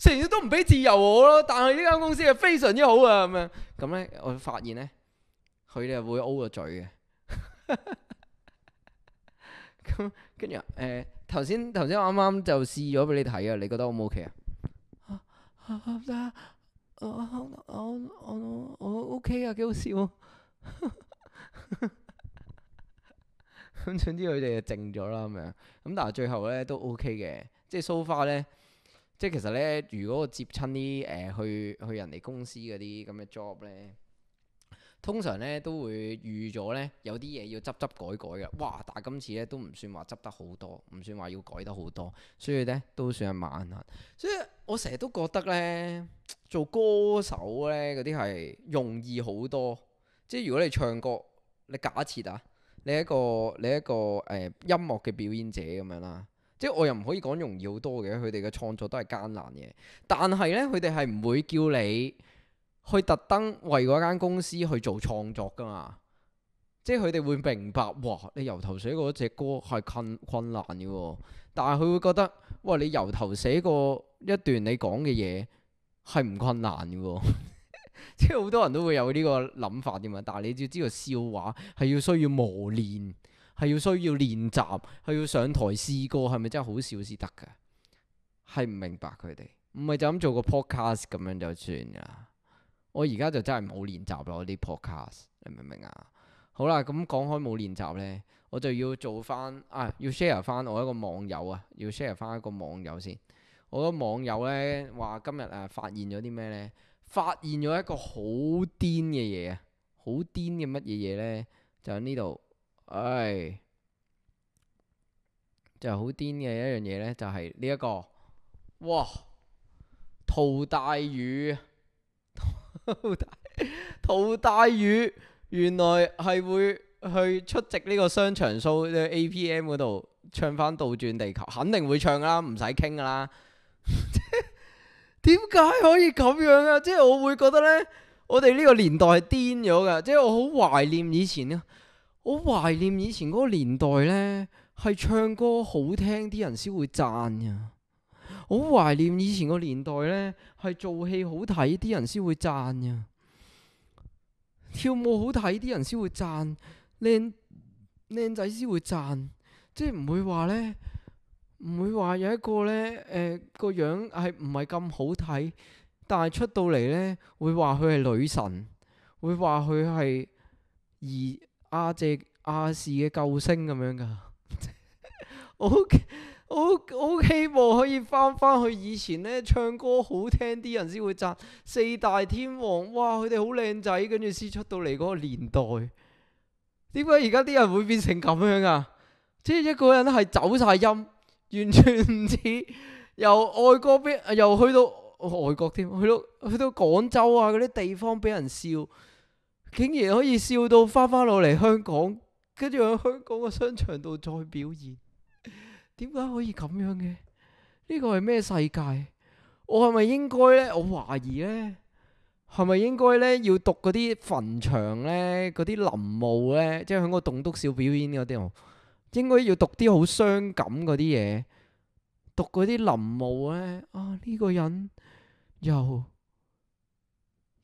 成日都唔俾自由我咯。但係呢間公司啊，非常之好啊，咁樣咁咧，我發現咧，佢哋會 O 個嘴嘅。 *laughs* 咁跟住啊，誒頭先頭先我啱啱就試咗俾你睇啊，你覺得好唔好？OK 啊得，我我我 OK 啊，幾好笑啊！咁總之佢哋就靜咗啦，咁樣。咁但係最後咧都 OK 嘅，即係 so far 咧，即係其實咧，如果我接親啲誒去去人哋公司嗰啲咁嘅 job 咧。通常咧都會預咗咧有啲嘢要執執改改嘅，哇！但係今次咧都唔算話執得好多，唔算話要改得好多，所以咧都算係慢行。所以我成日都覺得咧做歌手咧嗰啲係容易好多。即係如果你唱歌，你假設啊，你一個你一個誒、呃、音樂嘅表演者咁樣啦。即係我又唔可以講容易好多嘅，佢哋嘅創作都係艱難嘅。但係咧佢哋係唔會叫你，去特登為嗰間公司去做創作噶嘛，即係佢哋會明白哇，你由頭寫嗰隻歌係困困難嘅喎，但係佢會覺得哇，你由頭寫過一段你講嘅嘢係唔困難嘅喎， *laughs* 即係好多人都會有呢個諗法嘅嘛。但係你要知道，笑話係要需要磨練，係要需要練習，係要上台試過係咪真係好笑先得㗎，係唔明白佢哋，唔係就咁做個 podcast 咁樣就算㗎。我而家就真係冇練習咯啲 Podcast，你明唔明啊？好啦，咁講開冇練習呢，我就要做翻啊，要 share 翻我一個網友啊，要 share 翻一個網友先。我個網友呢，話今日啊發現咗啲咩呢？發現咗一個好癲嘅嘢啊，好癲嘅乜嘢嘢呢？就喺呢度，唉、哎，就係好癲嘅一樣嘢呢，就係呢一個，哇，淘大雨。陶大宇原來係會去出席呢個商場 show，去 APM 嗰度唱翻倒轉地球，肯定會唱啦，唔使傾噶啦。點解可以咁樣啊？即係我會覺得呢，我哋呢個年代係癲咗噶。即係我好懷念以前啊，好懷念以前嗰個年代呢，係唱歌好聽啲人先會讚啊。好懷念以前個年代呢，係做戲好睇啲人先會讚嘅，跳舞好睇啲人先會讚，靚靚仔先會讚，即係唔會話呢，唔會話有一個呢誒個、呃、樣係唔係咁好睇，但係出到嚟呢，會話佢係女神，會話佢係而亞姐亞視嘅救星咁樣噶。 *laughs* O、Okay. 好好希望可以翻返去以前呢，唱歌好聽啲人先會讚四大天王，哇，佢哋好靚仔。跟住先出到嚟嗰個年代，點解而家啲人會變成咁樣啊？即係一個人係走晒音，完全唔似由外國邊，又去到、哦，外國添，去到去到廣州啊嗰啲地方俾人笑，竟然可以笑到翻返落嚟香港，跟住喺香港個商場度再表演。點解可以咁樣嘅？呢、這個係咩世界？我係咪應該咧？我懷疑咧，係咪應該咧要讀嗰啲墳場咧、嗰啲林墓咧，即係喺個棟篤笑表演嗰啲哦？應該要讀啲好傷感嗰啲嘢，讀嗰啲林墓咧。啊，呢、這個人由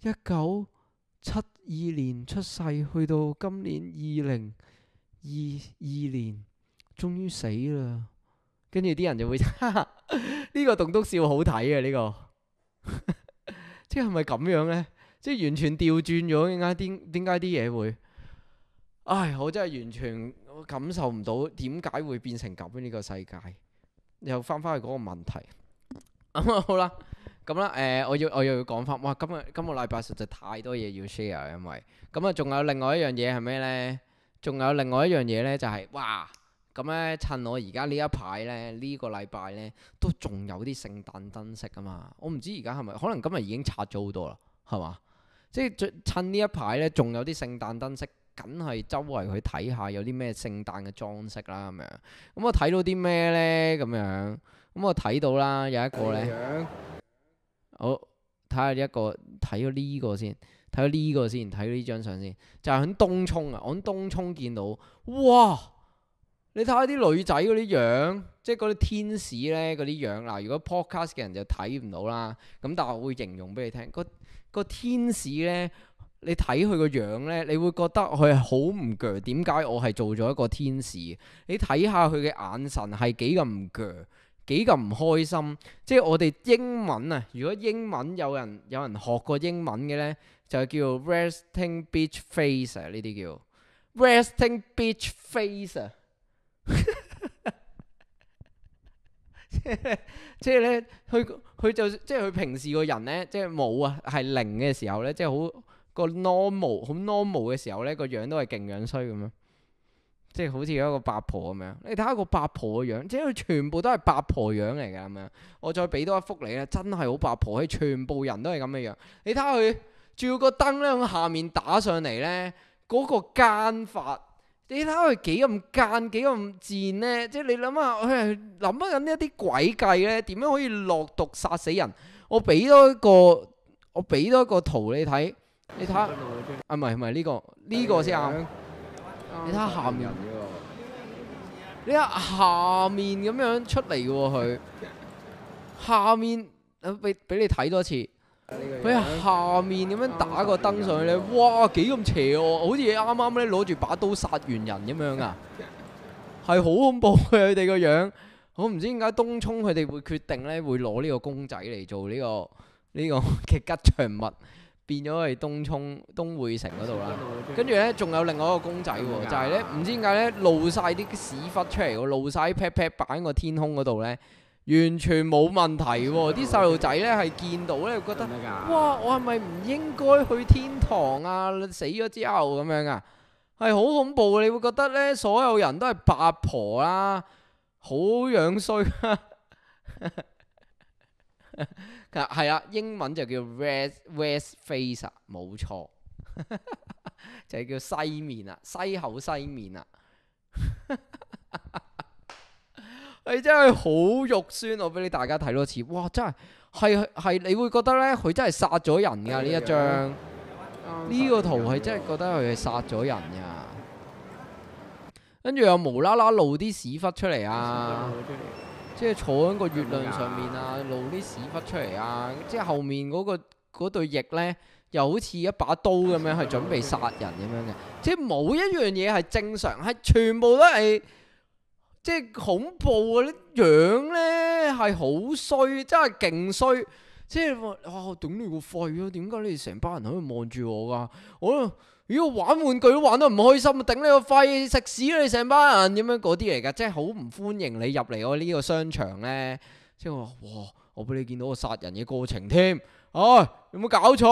一九七二年出世，去到今年二零二二年，終於死啦。跟住啲人就會，呢個棟篤笑好睇啊！呢個，即係咪咁樣呢？即係完全調轉咗，點解點點解啲嘢會？唉，我真係完全感受唔到點解會變成咁樣呢個世界，又翻返去嗰個問題。咁啊好啦，咁啦誒，我要我又要講翻哇，今日今個禮拜實在太多嘢要 share，因為咁啊，仲有另外一樣嘢係咩呢？仲有另外一樣嘢呢，就係哇！咁咧，趁我而家呢、這個、呢一排咧，呢個禮拜咧都仲有啲聖誕燈飾吖嘛。我唔知而家係咪，可能今日已經拆咗好多啦，係嘛？即係趁呢一排咧，仲有啲聖誕燈飾，梗係周圍去睇下有啲咩聖誕嘅裝飾啦咁樣。咁我睇到啲咩咧咁樣。咁我睇到啦，有一個咧，我睇下呢一個，睇咗呢個先，睇咗呢個先，睇咗呢張相先，就係、是、喺東涌啊，我喺東涌見到，哇！你睇下啲女仔嗰啲樣，即係嗰啲天使咧嗰啲樣。嗱，如果 podcast 嘅人就睇唔到啦，咁但係我會形容俾你聽。個天使咧，你睇佢個樣咧，你會覺得佢係好唔鋸。點解我係做咗一個天使？你睇下佢嘅眼神係幾咁唔鋸，幾咁唔開心。即係我哋英文啊，如果英文有人有人學過英文嘅咧，就叫 resting beach face 啊，呢啲叫 resting beach face 啊。即係、 *laughs* 即係，即係咧，佢佢就即係佢平時個人咧，即係冇啊，係零嘅時候咧，即係好個 normal，好 normal 嘅時候咧，個樣都係勁樣衰咁樣。即係好似一個八婆咁樣。你睇下個八婆嘅樣，即係佢全部都係八婆樣嚟噶咁樣。我再俾多一幅你啦，真係好八婆，全部人都係咁嘅樣樣。你睇下佢照個燈喺下面打上嚟咧，嗰個奸法。你睇下佢幾咁奸，幾咁賤呢？即係你諗啊，諗、哎、緊一啲鬼計呢，點樣可以落毒殺死人？我俾多一個，我俾多一個圖你睇，你睇下。啊，唔係唔係呢個呢、呢個先啱、嗯。你睇下下面，你睇下面咁樣出嚟嘅喎佢。下面俾俾你睇多一次。喺下面咁樣打個燈上去咧，哇，幾咁邪惡，好似啱啱咧攞住把刀殺完人咁樣啊，係好恐怖嘅佢哋個樣。我唔知點解東涌佢哋會決定咧會攞呢個公仔嚟做呢、呢個呢、呢個嘅吉祥物，變咗係東涌東匯城嗰度啦。跟住咧仲有另外一個公仔喎，就係咧唔知點解咧露晒啲屎忽出嚟，個露晒 pat pat 擺喺個天空嗰度咧。完全冇問題喎，啲細路仔咧係見到咧覺得，哇，我係咪唔應該去天堂啊？死咗之後咁樣啊，係好恐怖，你會覺得咧所有人都係八婆啦，好樣衰啊！係啊， *laughs* *laughs* 英文就叫 West, *laughs* West West Face 冇錯， *laughs* 就係叫西面啊，西口西面啊。 *laughs* 你真係好肉酸，我俾你大家睇多次。哇，真係係係，你會覺得呢，佢真係殺咗人噶呢的一張？呢、嗯、個圖係真係覺得佢係殺咗人噶？跟住又無啦啦露啲屎忽出嚟啊！即係坐喺個月亮上面啊，露啲屎忽出嚟啊！即係後面嗰、那個嗰對翼呢，又好似一把刀咁樣，係準備殺人咁樣嘅。即係冇一樣嘢係正常，係全部都係。即係恐怖啊！啲樣咧係好衰，真係勁衰。即係哇，我頂你個肺啊！點解你哋成班人喺度望住我㗎？我如果玩玩具都玩得唔開心，頂你個肺！食屎，你成班人咁樣嗰啲嚟㗎，即係好唔歡迎你入嚟我呢個商場咧。即係我話哇，我俾你見到我殺人嘅過程添。唉、哎，有冇搞錯？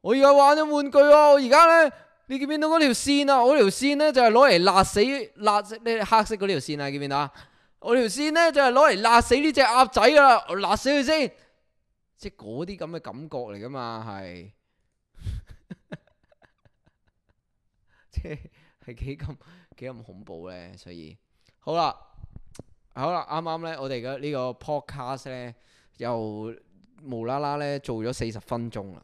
我而家玩咗玩具啊，我而家咧。你見唔見到嗰條線啊？我條線咧就係攞嚟，辣死辣死呢黑色嗰條線啊！見唔見到啊？我條線咧就係攞嚟,辣死呢隻鴨仔啊！我辣死佢先，即係嗰啲咁嘅感覺嚟噶嘛？係即係係幾咁幾咁恐怖咧？所以好啦，好啦，啱啱咧我哋嘅呢個 podcast 咧又無啦啦咧做咗四十分鐘啦。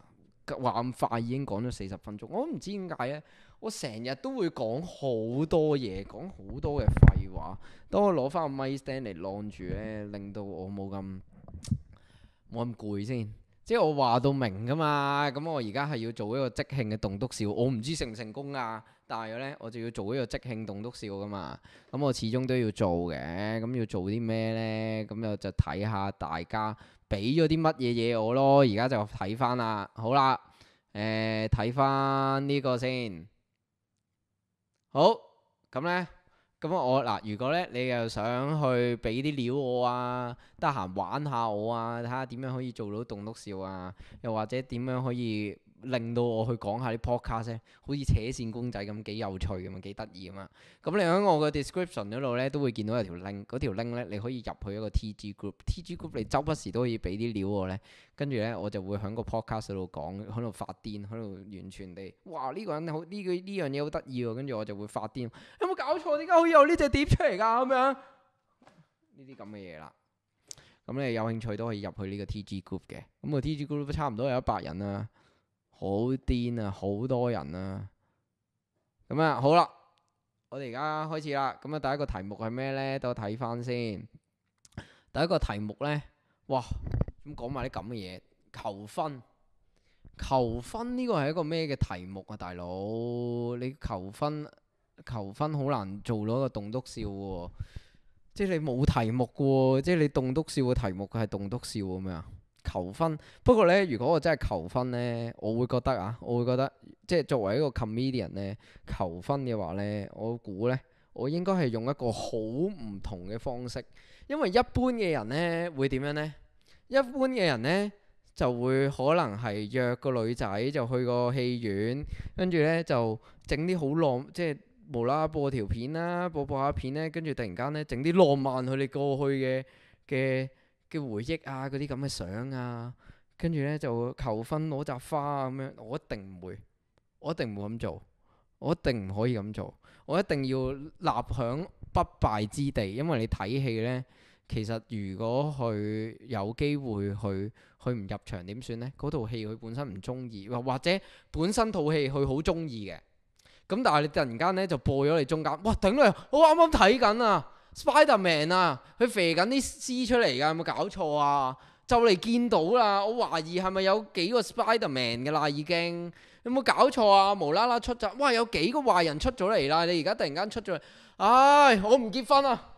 話咁快已經講咗四十分鐘，我都唔知點解啊。我成日都會講好多嘢，講好多嘅廢話。當我攞翻個咪 stand 嚟攬住呢，令到我冇咁冇咁攰先。即係我話到明㗎嘛，咁我而家係要做一個即興嘅棟篤笑，我唔知成唔成功啊。但係呢，我就要做一個即興棟篤笑㗎嘛。咁我始終都要做嘅，咁要做啲咩呢？咁又就睇下大家。俾咗啲乜嘢嘢我咯，而家就睇翻啦。好啦，誒睇翻呢個先。好，咁咧，咁我嗱，如果咧你又想去俾啲料我啊，得閒玩下我啊，睇下點樣可以做到棟篤笑啊，又或者點樣可以令到我去講下啲 podcast 咧，好似扯線公仔咁幾有趣咁啊，幾得意啊嘛。咁你喺我嘅 description 嗰度咧，都會見到有條 link，嗰條 link 咧你可以入去一個 T G group。T G group 你周不時都可以俾啲料我咧，跟住咧我就會喺個 podcast 度講，喺度發癲，喺度完全地哇呢個人好呢句呢樣嘢好得意喎。跟住我就會發癲，有冇搞錯？點解可以有呢隻碟出嚟噶？咁樣呢啲咁嘅嘢啦。咁你有興趣都可以入去呢個 T G group 嘅。咁個 T G group 都差唔多有一百人啦。好癲啊，好多人啦。咁啊，好啦，我哋而家開始啦。咁啊，第一個題目係咩呢？等我睇翻先。第一個題目呢，哇，咁講埋啲咁嘅嘢，求婚，求婚呢個係一個咩嘅題目啊，大佬？你求婚，求婚好難做到一個棟篤笑喎。即係你冇題目嘅喎，即係你棟篤笑嘅題目佢係棟篤笑咁樣。求婚，不過咧，如果我真係求婚咧，我會覺得啊，我會覺得，即係作為一個 comedian 咧，求婚嘅話咧，我估咧，我應該係用一個好唔同嘅方式，因為一般嘅人咧會點樣咧？一般嘅人咧就會可能係約個女仔就去個戲院，跟住咧就整啲好浪，即係無啦啦播條片啦，播播下片咧，跟住突然間咧整啲浪漫佢哋過去嘅嘅。嘅回憶啊，嗰啲咁嘅相啊，跟住呢就求婚攞紮花啊咁樣，我一定唔會，我一定唔會咁做，我一定唔可以咁做，我一定要立響不敗之地。因為你睇戲呢，其實如果佢有機會去去唔入場點算呢？嗰套戲佢本身唔中意，或者本身套戲佢好中意嘅，咁但係你突然間呢，就播咗嚟中間，哇！頂你，我啱啱睇緊啊！Spiderman 啊，佢射緊啲絲出嚟噶，有冇搞錯啊？就嚟見到啦，我懷疑係咪有幾個 Spiderman 噶啦？已經有冇搞錯啊？無啦啦出咗，哇，有幾個壞人出咗嚟啦！你而家突然間出咗，唉、哎，我唔結婚啊！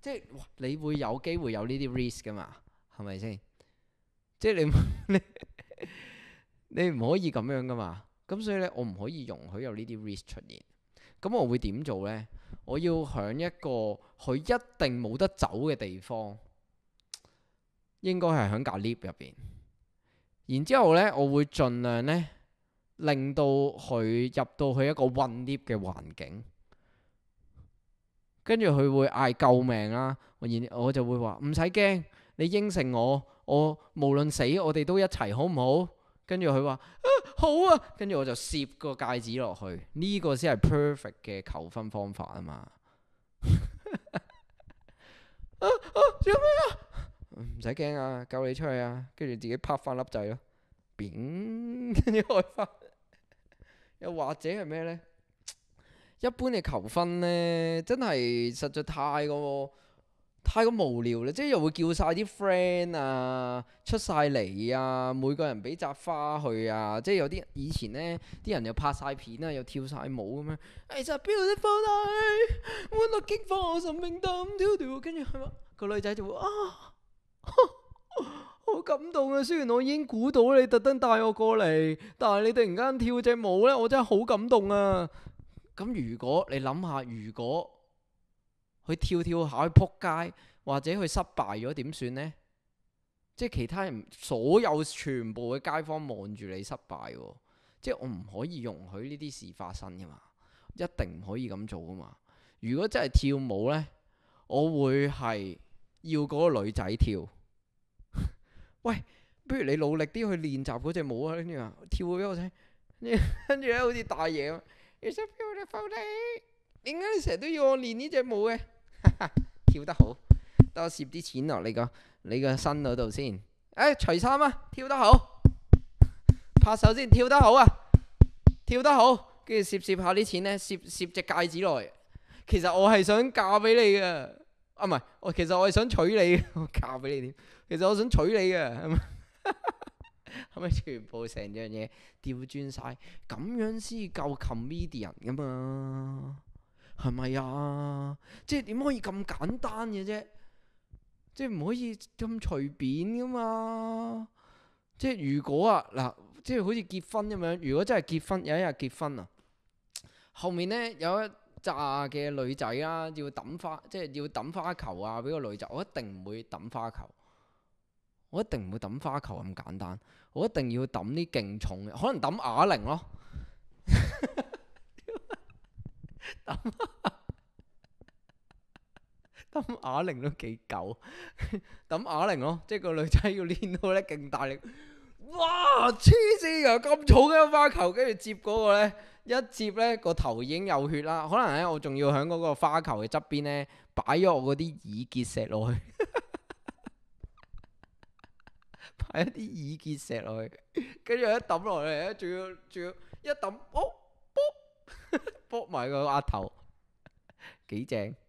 即係你會有機會有呢啲 risk 噶嘛？係咪先？即係你你你唔可以咁樣噶嘛？咁所以咧，我唔可以容許有呢啲 risk 出現。咁我會點做咧？我要喺一個佢一定冇得走嘅地方，應該係喺隔 lift 入邊。然之後呢，我會盡量呢令到佢入到去一個混 lift 嘅環境，跟住佢會嗌救命啦。然我就會話，唔使驚，你應承我，我無論死我哋都一齊，好唔好？跟住佢話啊好啊，跟住我就攝個戒指落去，呢、這個先係 perfect 嘅求婚方法嘛 *laughs* 啊嘛。啊嘛啊！做咩啊？唔使驚啊，救你出去啊！跟住自己拍翻粒掣咯，扁，跟住開翻。 *laughs* 又或者係咩呢？一般嘅求婚呢，真係實在太過、啊。太過無聊啦，即係又會叫晒啲 friend 啊出晒嚟啊，每個人俾紮花去啊，即係有啲以前咧，啲人又拍晒片啊，又跳晒舞咁樣。其實 beautiful for me, wanna give for something different。跟住係嘛，個女仔就會啊，好感動啊！雖然我已經估到你特登帶我過嚟，但係你突然間跳隻舞咧，我真係好感動啊！咁如果你諗下，如果……佢跳跳下去仆街，或者佢失敗咗點算呢？即係其他人所有全部嘅街坊望住你失敗，即係我唔可以容許呢啲事發生噶嘛，一定唔可以咁做噶嘛。如果真係跳舞呢，我會係要嗰個女仔跳。 *laughs* 喂，不如你努力啲去練習嗰隻舞啊！跟住話跳俾我聽，跟住咧好似大爺。It's、so、a beautiful day。點解你成日都要我練呢隻舞嘅？ *laughs* 跳得好，多攝啲錢落你個你個身嗰度先。誒、欸，除衫啊，跳得好，拍手先，跳得好啊，跳得好，跟住攝攝下啲錢咧，攝攝隻戒指落來。其實我係想嫁俾你噶，啊唔係，我其實我係想娶你噶，我嫁俾你點？其實我想娶你噶，係咪？係 *laughs* 咪全部成樣嘢調轉晒，咁樣先夠 comedian 噶嘛？係咪啊？即係點可以咁簡單嘅啫？即係唔可以咁隨便噶嘛？即係如果啊嗱，即係好似結婚咁樣，如果真係結婚有一日結婚啊，後面呢，有一紮嘅女仔啊，要抌花，即係要抌花球啊，俾個女仔，我一定唔會抌花球，我一定唔會抌花球咁簡單，我一定要抌啲勁重嘅，可能抌啞鈴咯。 *laughs* 抌，抌啞鈴都幾舊，抌啞鈴咯，即係個女仔要練到咧勁大力，哇，黐線噶，咁重嘅花球，跟住接嗰個咧，一接咧個頭已經有血啦，可能咧我仲要響嗰個花球嘅側邊咧擺咗我嗰啲耳結石落去，擺 *laughs* 一啲耳結石落去，跟住一抌落去，仲要仲要,要一抌，扑、哦。撥埋個額頭，幾正？ *laughs*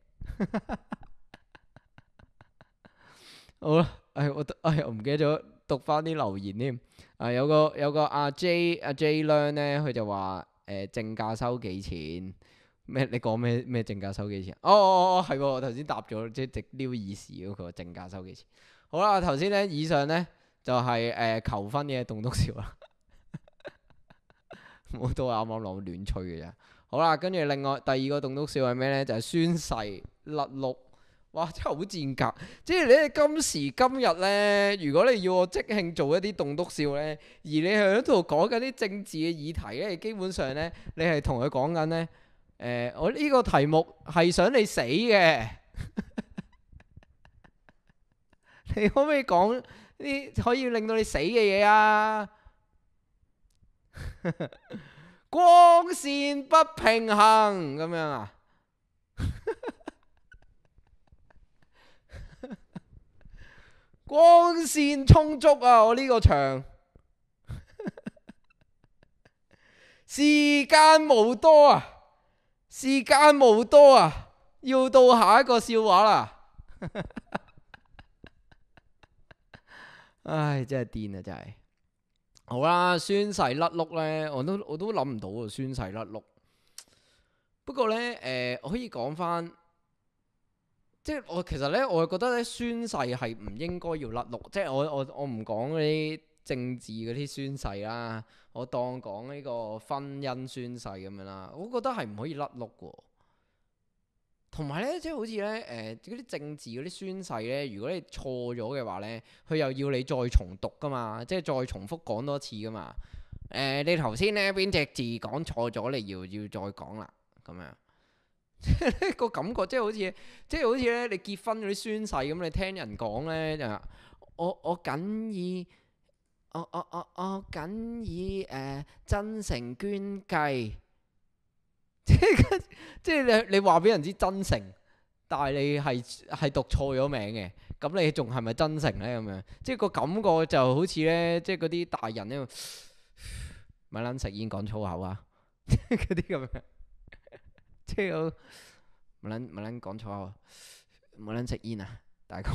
好啦，哎，我哎，唔記得咗讀翻啲留言添。啊，有個有個阿、啊、J 阿、啊、J Learn 咧，佢就話誒、呃，正價收幾錢？咩？你講咩咩正價收幾錢？哦哦哦，係、哦、喎，頭先答咗即係直撩耳時嗰個正價收幾錢？好啦，頭先咧以上咧就係、是、誒、呃、求婚嘅棟 *laughs* 篤笑啦，我都係啱啱攞亂吹嘅啫。好啦，跟住另外第二個棟篤笑係咩呢？就係、是、宣誓甩碌，哇！真係好賤格。即係你喺今時今日呢，如果你要我即興做一啲棟篤笑呢，而你喺度講緊啲政治嘅議題呢，基本上呢，你係同佢講緊呢，誒、呃，我呢個題目係想你死嘅。 *laughs* 你可唔可以講啲可以令到你死嘅嘢啊？ *laughs* 光線不平衡咁樣啊？ *laughs* 光線充足啊！我呢個場， *laughs* 時間冇多啊！時間冇多啊！要到下一個笑話啦！ *laughs* 唉，真係癲啊！真係。好啦，宣誓甩碌咧，我都我都諗唔到喎，宣誓甩碌。不過咧，誒、呃，我可以講翻，即係我其實咧，我覺得咧，宣誓係唔應該要甩碌。即係我我我唔講嗰啲政治嗰啲宣誓啦，我當講呢個婚姻宣誓咁樣啦，我覺得係唔可以甩碌嘅。同埋咧，即係好似咧，誒嗰啲政治嗰啲宣誓咧，如果你錯咗嘅話咧，佢又要你再重讀噶嘛，即係再重複講多次噶嘛。誒、呃，你頭先咧邊隻字講錯咗，你要要再講啦，咁樣個 *laughs* 感覺即係好似，即、就、係、是、好似咧你結婚嗰啲宣誓咁，你聽人講咧、就是，我我僅以我我我我僅以誒真誠捐計。即係即係你你話俾人知真誠，但係你係係讀錯咗名嘅，咁你仲係咪真誠咧？咁樣，即係個感覺就好似咧，即係嗰啲大人咧，咪撚食煙講粗口啊，嗰啲咁樣，即係冇撚咪撚講粗口，冇撚食煙啊，大哥。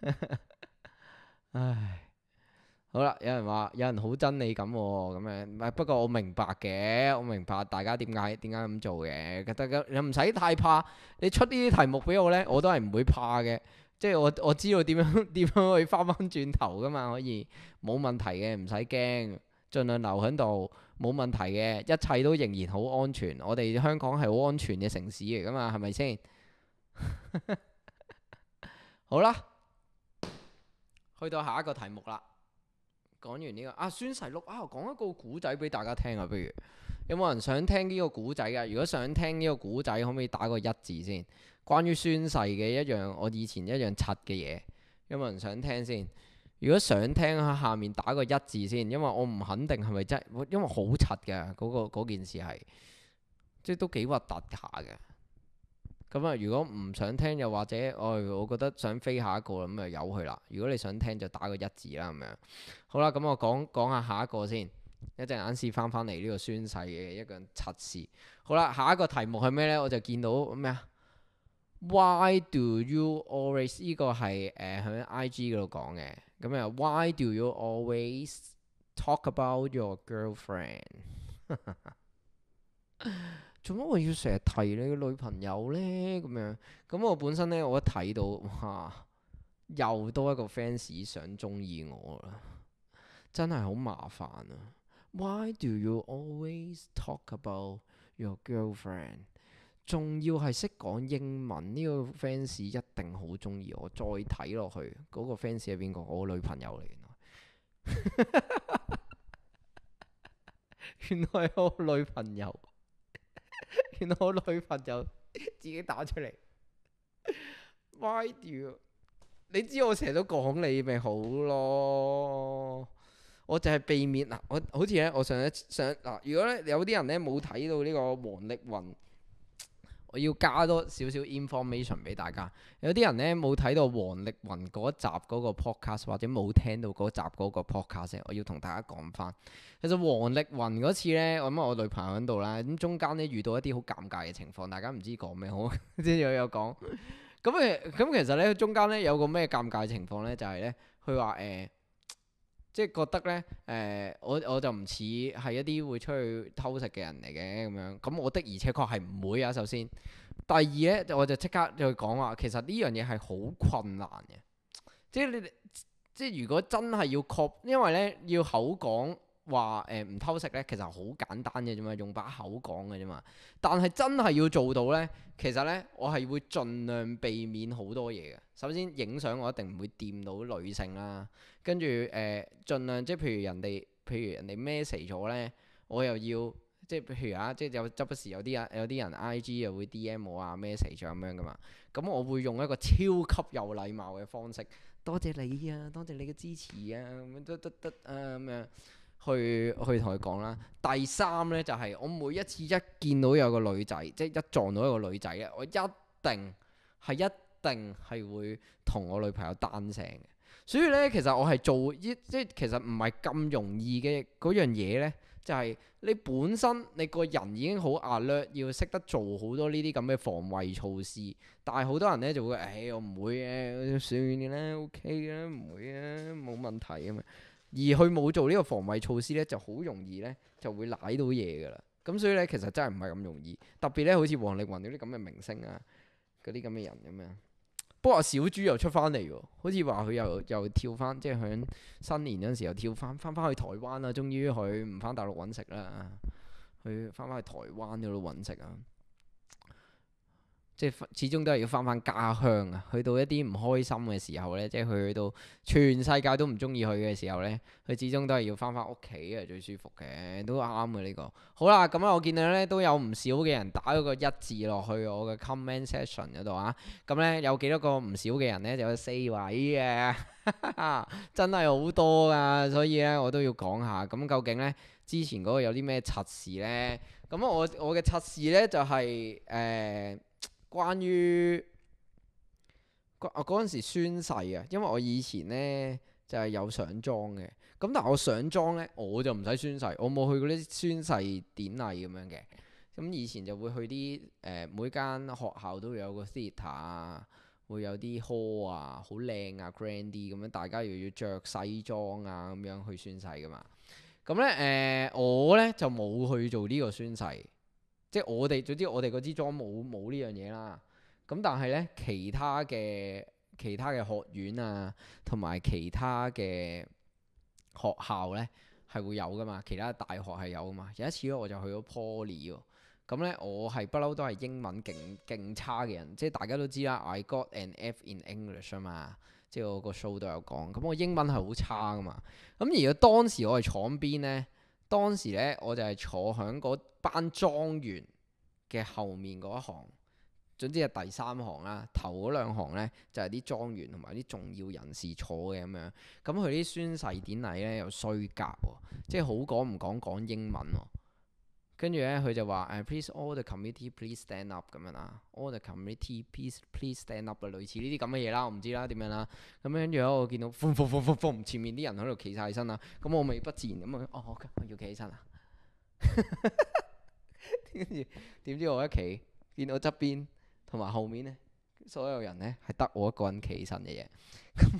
*laughs* 唉。好啦，有人話有人好憎你咁，咁樣唔係。不過我明白嘅，我明白大家點解點解咁做嘅，覺得咁，你唔使太怕。你出呢啲題目俾我呢，我都係唔會怕嘅，即係我我知道點樣點樣去翻翻轉頭噶嘛，可以冇問題嘅，唔使驚，盡量留喺度，冇問題嘅，一切都仍然好安全。我哋香港係好安全嘅城市嚟噶嘛，係咪先？ *laughs* 好啦，去到下一個題目啦。講完呢、這個啊，孫細禄啊，講一個古仔俾大家聽啊，不如有冇人想聽呢個古仔啊？如果想聽呢個古仔，可唔可以打個一字先？關於孫細嘅一樣，我以前一樣柒嘅嘢，有冇人想聽先？如果想聽，喺下面打個一字先，因為我唔肯定係咪真，因為好柒嘅嗰個嗰件事係，即係都幾核突下嘅。咁啊，如果唔想聽又或者，哎，我覺得想飛下一個啦，咁啊由佢啦。如果你想聽就打個一字啦，咁樣。好啦，咁我講講下下一個先，一隻眼先翻翻嚟呢個宣誓嘅一個測試。好啦，下一個題目係咩呢？我就見到咩啊？Why do you always？呢個係誒喺 IG 嗰度講嘅。咁啊，Why do you always talk about your girlfriend？ *laughs* 做乜我要成日提你個女朋友呢？咁樣咁我本身呢，我一睇到哇，又多一個 fans 想中意我啦，真係好麻煩啊！Why do you always talk about your girlfriend？仲要係識講英文呢個 fans 一定好中意我。再睇落去，嗰個 fans 係邊個？我女, *laughs* *laughs* 我女朋友嚟，原來係我女朋友。然後 *laughs* 我女朋友自己打出嚟，Why *laughs* you？你知我成日都講你，咪好咯？我就係避免嗱、啊，我好似咧，我上一上嗱、啊，如果咧有啲人咧冇睇到呢個王力宏。我要加多少少 information 俾大家。有啲人呢，冇睇到王力宏嗰集嗰個 podcast，或者冇聽到嗰集嗰個 podcast，我要同大家講翻。其實王力宏嗰次呢，我諗我女朋友喺度啦，咁中間呢，遇到一啲好尷尬嘅情況，大家唔知講咩好，先 *laughs* 有有講。咁誒， *laughs* 咁其實呢，中間呢有個咩尷尬情況呢？就係、是、呢，佢話誒。呃即係覺得呢，誒、呃，我我就唔似係一啲會出去偷食嘅人嚟嘅咁樣。咁我的而且確係唔會啊。首先，第二呢，我就即刻就講話，其實呢樣嘢係好困難嘅。即係你，即係如果真係要確，因為呢要口講話誒唔偷食呢，其實好簡單嘅啫嘛，用把口講嘅啫嘛。但係真係要做到呢，其實呢，我係會盡量避免好多嘢嘅。首先影相，我一定唔會掂到女性啦。跟住誒，盡量即係譬如人哋，譬如人哋 message 咗呢，我又要即係譬如啊，即係有執不時有啲啊，有啲人 IG 又會 DM 我啊，message 咗咁樣㗎嘛，咁我會用一個超級有禮貌嘅方式，多謝你啊，多謝你嘅支持啊，得得得啊咁樣，去去同佢講啦。第三呢，就係我每一次一見到有個女仔，即係一撞到一個女仔呢，我一定係一定係會同我女朋友單聲嘅。所以咧，其實我係做依即係其實唔係咁容易嘅嗰樣嘢咧，就係、是、你本身你個人已經好壓略，要識得做好多呢啲咁嘅防衞措施。但係好多人咧就會誒、哎，我唔會嘅、啊，算嘅啦，OK 嘅啦，唔會嘅、啊，冇問題嘅嘛。而佢冇做呢個防衞措施咧，就好容易咧就會舐到嘢噶啦。咁所以咧，其實真係唔係咁容易，特別咧好似王力宏啲咁嘅明星啊，嗰啲咁嘅人咁樣。不過小豬又出翻嚟喎，好似話佢又又跳翻，即係響新年嗰陣時候又跳翻翻翻去台灣啦，終於佢唔翻大陸揾食啦，去翻翻去台灣嗰度揾食啊！即係始終都係要翻翻家鄉啊！去到一啲唔開心嘅時候呢，即係去到全世界都唔中意佢嘅時候呢，佢始終都係要翻翻屋企啊，最舒服嘅，都啱嘅呢個。好啦，咁啊，我見到呢，都有唔少嘅人打咗個一字落去我嘅 comment session 嗰度啊。咁、嗯、呢，有幾多個唔少嘅人呢，就有四位嘅， *laughs* 真係好多啊！所以呢，我都要講下。咁究竟呢，之前嗰個有啲咩測試呢？咁我我嘅測試呢，就係、是、誒。呃關於我嗰時宣誓啊，因為我以前呢就係、是、有上裝嘅，咁但係我上裝呢，我就唔使宣誓，我冇去嗰啲宣誓典禮咁樣嘅，咁以前就會去啲誒、呃、每間學校都會有個 theater, 會有個 stage 啊，會有啲 hall 啊，好靚啊 grand 啲咁樣，大家又要着西裝啊咁樣去宣誓噶嘛，咁呢，誒、呃、我呢就冇去做呢個宣誓。即係我哋總之我哋嗰支莊冇冇呢樣嘢啦，咁但係呢，其他嘅其他嘅學院啊，同埋其他嘅學校呢，係會有噶嘛，其他大學係有噶嘛。有一次咧我就去咗 Poly 喎、啊，咁、嗯、呢，我係不嬲都係英文勁勁差嘅人，即係大家都知啦，I got an F in English 啊嘛，即係我個 show 都有講，咁我英文係好差噶嘛。咁、嗯、而佢當時我係廠邊呢。當時咧，我就係坐喺嗰班莊園嘅後面嗰一行，總之係第三行啦。頭嗰兩行咧就係啲莊園同埋啲重要人士坐嘅咁樣。咁佢啲宣誓典禮咧又衰格喎，即係好講唔講講英文喎。跟住咧佢就話誒 please all the committee please stand up 咁樣啦，啊、all the committee please please stand up 類似呢啲咁嘅嘢啦，我唔知啦點樣啦。咁跟住咧我見到 *laughs* 前面啲人喺度企晒起身啦，咁我未不自然咁樣，哦，我要企起身啊。跟住點知我一企見到側邊同埋後面咧，所有人咧係得我一個人企起身嘅嘢。咁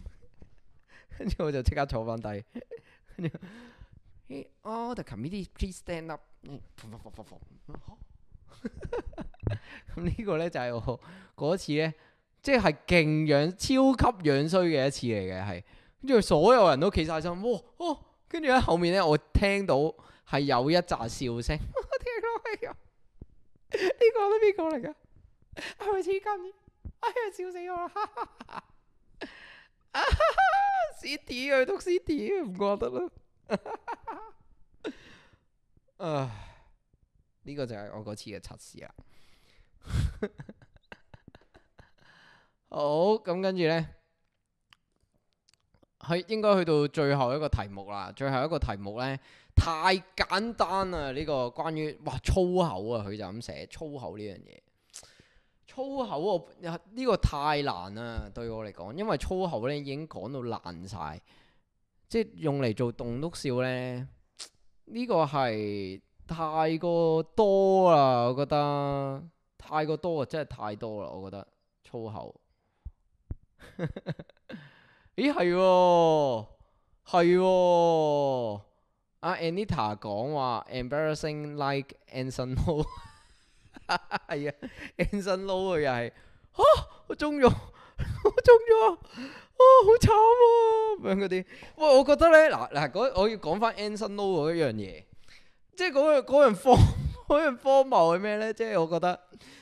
跟住我就即刻坐翻低，跟住誒 all the committee please stand up 咁呢個咧就係嗰次咧，即係勁養超級養衰嘅一次嚟嘅係，跟住所有人都企晒身，哦，跟住喺後面咧我聽到係有一紮笑聲、 *laughs* 啊，我聽到哎呀，呢個都邊個嚟噶？係咪黐筋？哎呀笑死我啦！City 啊哈哈，都 City 唔覺得啦。唉，呢、uh, 個就係我嗰次嘅測試啦。 *laughs* 好，咁跟住呢，去應該去到最後一個題目啦。最後一個題目呢，太簡單啦，呢、這個關於哇粗口啊，佢就咁寫粗口呢樣嘢。粗口啊，呢、這個太難啦，對我嚟講，因為粗口呢已經講到爛晒，即係用嚟做棟篤笑呢。呢個係太過多啦，我覺得太過多啊，真係太多啦，我覺得粗口。咦係喎，係喎，阿 Anita 講話 embarrassing like Anson Lo，係啊，Anson Lo，佢又係，啊，我中咗，我中咗。啊，好慘啊！咁樣嗰啲，喂，我覺得咧，嗱嗱，我要講翻 Anson Lo 嗰一樣嘢，即係嗰樣嗰樣荒嗰樣 *laughs* 荒謬係咩咧？即係我覺得。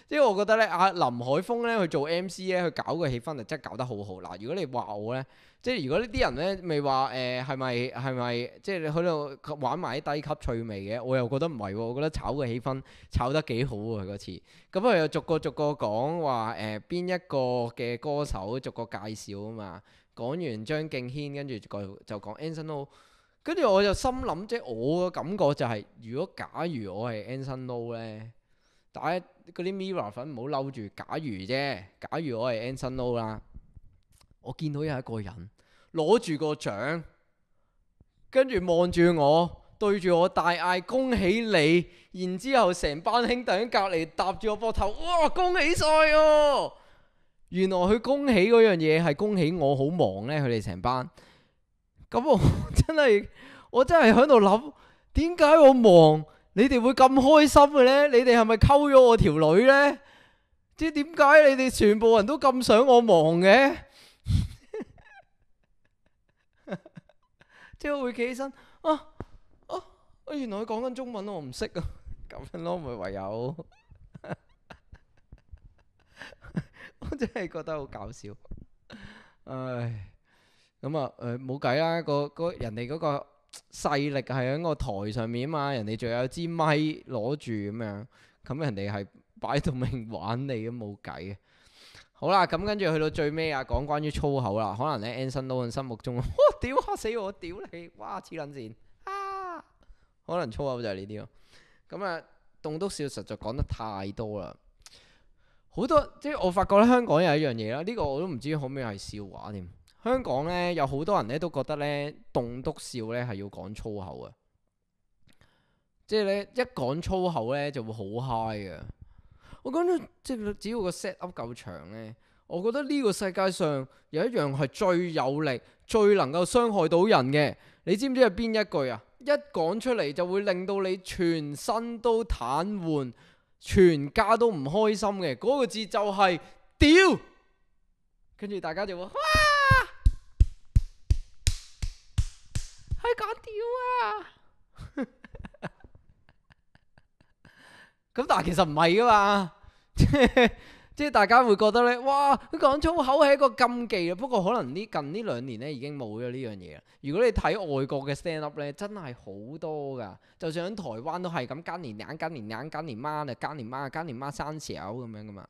即係我覺得咧，阿林海峰咧，去做 MC 咧，佢搞個氣氛就真係搞得好好。嗱，如果你話我咧，即係如果呢啲人咧咪話誒係咪係咪，即係你喺度玩埋啲低級趣味嘅，我又覺得唔係喎。我覺得炒個氣氛炒得幾好喎嗰次。咁佢又逐個逐個講話，誒邊一個嘅歌手逐個介紹啊嘛。講完張敬軒，跟住就講 Anson Lo。跟住我就心諗，即係我嘅感覺就係、是，如果假如我係 Anson Lo 咧，打。嗰啲 Mirror 粉唔好嬲住，假如啫，假如我係 Anson Lo 啦，我見到有一個人攞住個獎，跟住望住我，對住我大嗌恭喜你，然之後成班兄弟隔離搭住我膊頭，哇恭喜晒哦！原來佢恭喜嗰樣嘢係恭喜我好忙咧，佢哋成班，咁我真係我真係喺度諗點解我忙？你哋會咁開心嘅咧？你哋係咪溝咗我條女咧？即係點解你哋全部人都咁想我忙嘅？即係會企起身啊哦！原來佢講緊中文，我唔識啊！咁樣咯，咪唯有我真係覺得好搞笑。唉，咁啊，誒冇計啦，個個人哋嗰個。勢力係喺個台上面啊嘛，人哋仲有支咪攞住咁樣，咁人哋係擺到明玩你都冇計嘅。好啦，咁跟住去到最尾啊，講關於粗口啦。可能咧 Anson 心目中，屌吓死我，屌你，哇黐捻線啊！可能粗口就係呢啲咯。咁啊，棟篤笑實在講得太多啦，好多即係我發覺咧，香港有一樣嘢啦，呢個我都唔知可唔可以係笑話添。香港咧有好多人咧都覺得咧，棟篤笑咧係要講粗口啊！即係咧一講粗口咧就會好 high 嘅。我覺得即係只要個 set up 夠長咧，我覺得呢個世界上有一樣係最有力、最能夠傷害到人嘅。你知唔知係邊一句啊？一講出嚟就會令到你全身都癱瘓，全家都唔開心嘅嗰、那個字就係、是、屌。跟住大家就會。啊。咁但係其實唔係噶嘛，即即係大家會覺得咧，哇！講粗口係一個禁忌咯。不過可能呢近呢兩年咧已經冇咗呢樣嘢啦。如果你睇外國嘅 stand up 咧，真係好多噶。就算喺台灣都係咁，今年眼，今年眼，今年媽啊，今年媽啊，今年媽生蛇咁樣噶嘛，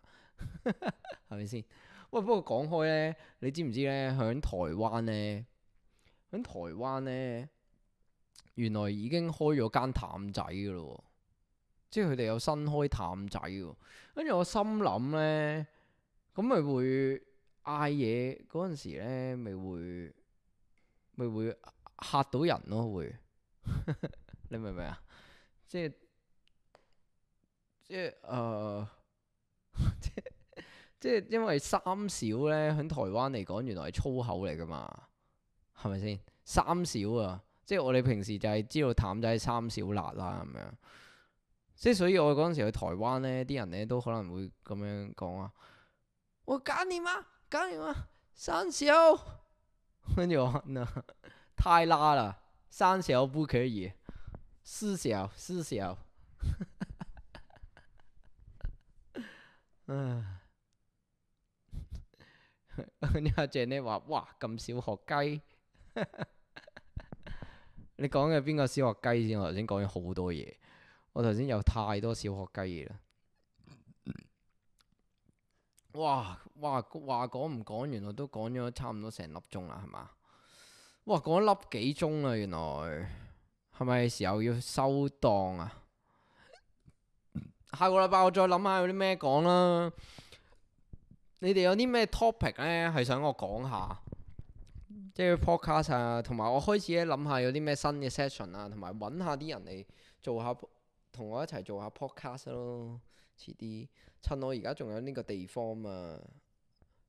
係咪先？喂，不過講開咧，你知唔知咧？喺台灣咧，喺台灣咧，原來已經開咗間淡仔噶啦喎。即係佢哋有新開譚仔喎，跟住我心諗呢，咁咪會嗌嘢嗰陣時咧，咪會咪會嚇到人咯，啊，會 *laughs* 你明唔明啊？即係即係誒，即係、呃、因為三小呢，喺台灣嚟講，原來係粗口嚟噶嘛，係咪先三小啊？即係我哋平時就係知道譚仔三小辣啦咁樣。即係所以，我嗰陣時去台灣咧，啲人咧都可能會咁樣講啊。我減鹽啊，減鹽啊，三小，跟 *laughs* 住我，嗱，太辣啦，三小不可以，四小，四小。啊！阿鄭呢，話：哇，咁小學雞。 *laughs* 你講嘅邊個小學雞先？我頭先講咗好多嘢。我頭先有太多小學雞嘢啦！哇哇話講唔講原來都講咗差唔多成粒鐘啦，係嘛？哇講一粒幾鐘啦，原來係咪時候要收檔啊？ *laughs* 下個禮拜我再諗下有啲咩講啦。你哋有啲咩 topic 呢？係想我講下？即係 podcast 啊，同埋我開始咧諗下有啲咩新嘅 session 啊，同埋揾下啲人嚟做下。同我一齊做下 podcast 咯，遲啲趁我而家仲有呢個地方嘛，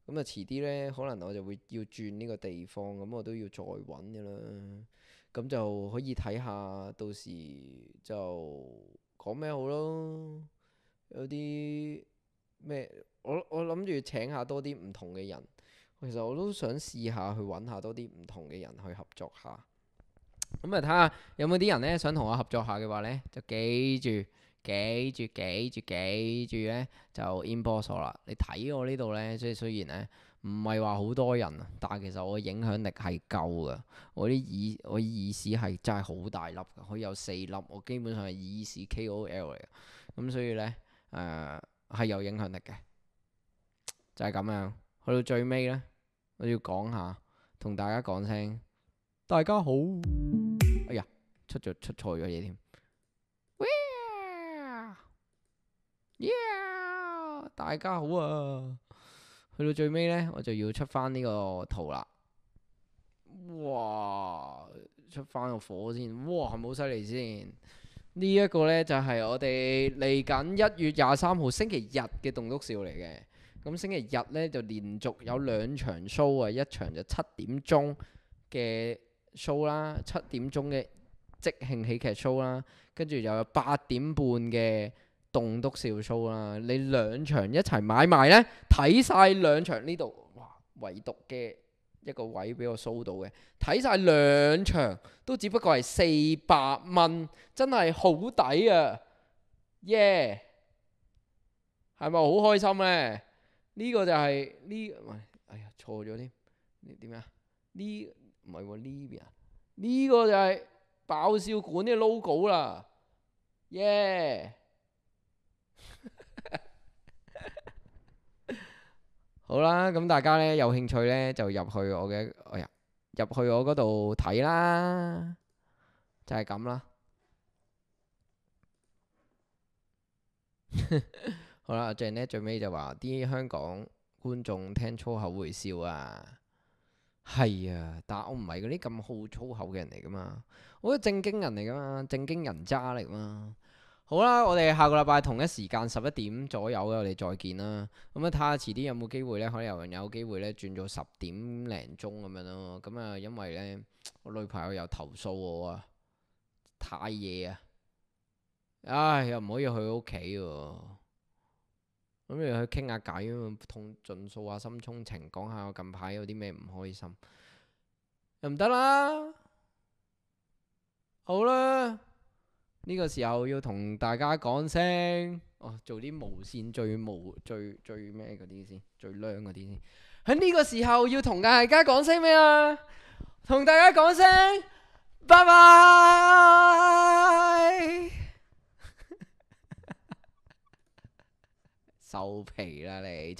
咁啊遲啲呢？可能我就會要轉呢個地方，咁我都要再揾嘅啦，咁就可以睇下到時就講咩好咯，有啲咩，我我諗住請下多啲唔同嘅人，其實我都想試下去揾下多啲唔同嘅人去合作下。咁啊，睇下、嗯、有冇啲人咧想同我合作下嘅話咧，就記住記住記住記住咧就 inbox 我啦。你睇我呢度咧，即係雖然咧唔係話好多人，但係其實我嘅影響力係夠嘅。我啲耳，我耳屎係真係好大粒，可以有四粒。我基本上係耳屎 KOL 嚟，咁所以咧誒係有影響力嘅，就係、是、咁樣。去到最尾咧，我要講下，同大家講聲。大家好，哎呀，出咗出錯咗嘢添， *laughs* yeah, 大家好啊，去到最尾呢，我就要出翻呢個圖啦，哇，出翻個火先，哇，係咪好犀利先？呢、這、一個呢，就係、是、我哋嚟緊一月廿三號星期日嘅棟篤笑嚟嘅，咁星期日呢，就連續有兩場 show 啊，一場就七點鐘嘅。show 啦，七點鐘嘅即興喜劇 show 啦，跟住又有八點半嘅棟篤笑 show 啦。你兩場一齊買埋呢，睇晒兩場呢度，哇！唯獨嘅一個位俾我 show 到嘅，睇晒兩場都只不過係四百蚊，真係好抵啊耶！e 係咪好開心呢、啊？呢、呢個就係、是、呢、呢個，哎呀，錯咗添，呢點啊？呢、呢個唔係喎，呢邊啊！呢、這個就係爆笑館啲 logo 啦，耶、yeah! *laughs* *laughs* 好啦，咁大家呢，有興趣呢，就入去我嘅，入、哎呀、去我嗰度睇啦，就係、是、咁啦。 *laughs* 好啦， *laughs* 最呢最尾就話啲香港觀眾聽粗口會笑啊！係啊，但係我唔係嗰啲咁好粗口嘅人嚟噶嘛，我都正經人嚟噶嘛，正經人渣嚟嘛。好啦，我哋下個禮拜同一時間十一點左右，我哋再見啦。咁、嗯、啊，睇下遲啲有冇機會呢？可能有有機會咧，轉到十點零鐘咁樣咯。咁啊，因為呢，我女朋友又有投訴我啊，太夜啊，唉，又唔可以去屋企喎。咁你去傾下偈，同盡數下心沖情，講下我近排有啲咩唔開心，又唔得啦。好啦，呢個時候要同大家講聲，哦，做啲無線最無最最咩嗰啲先，最靚嗰啲先。喺呢個時候要同大家講聲咩啊？同大家講聲拜拜。收皮啦你。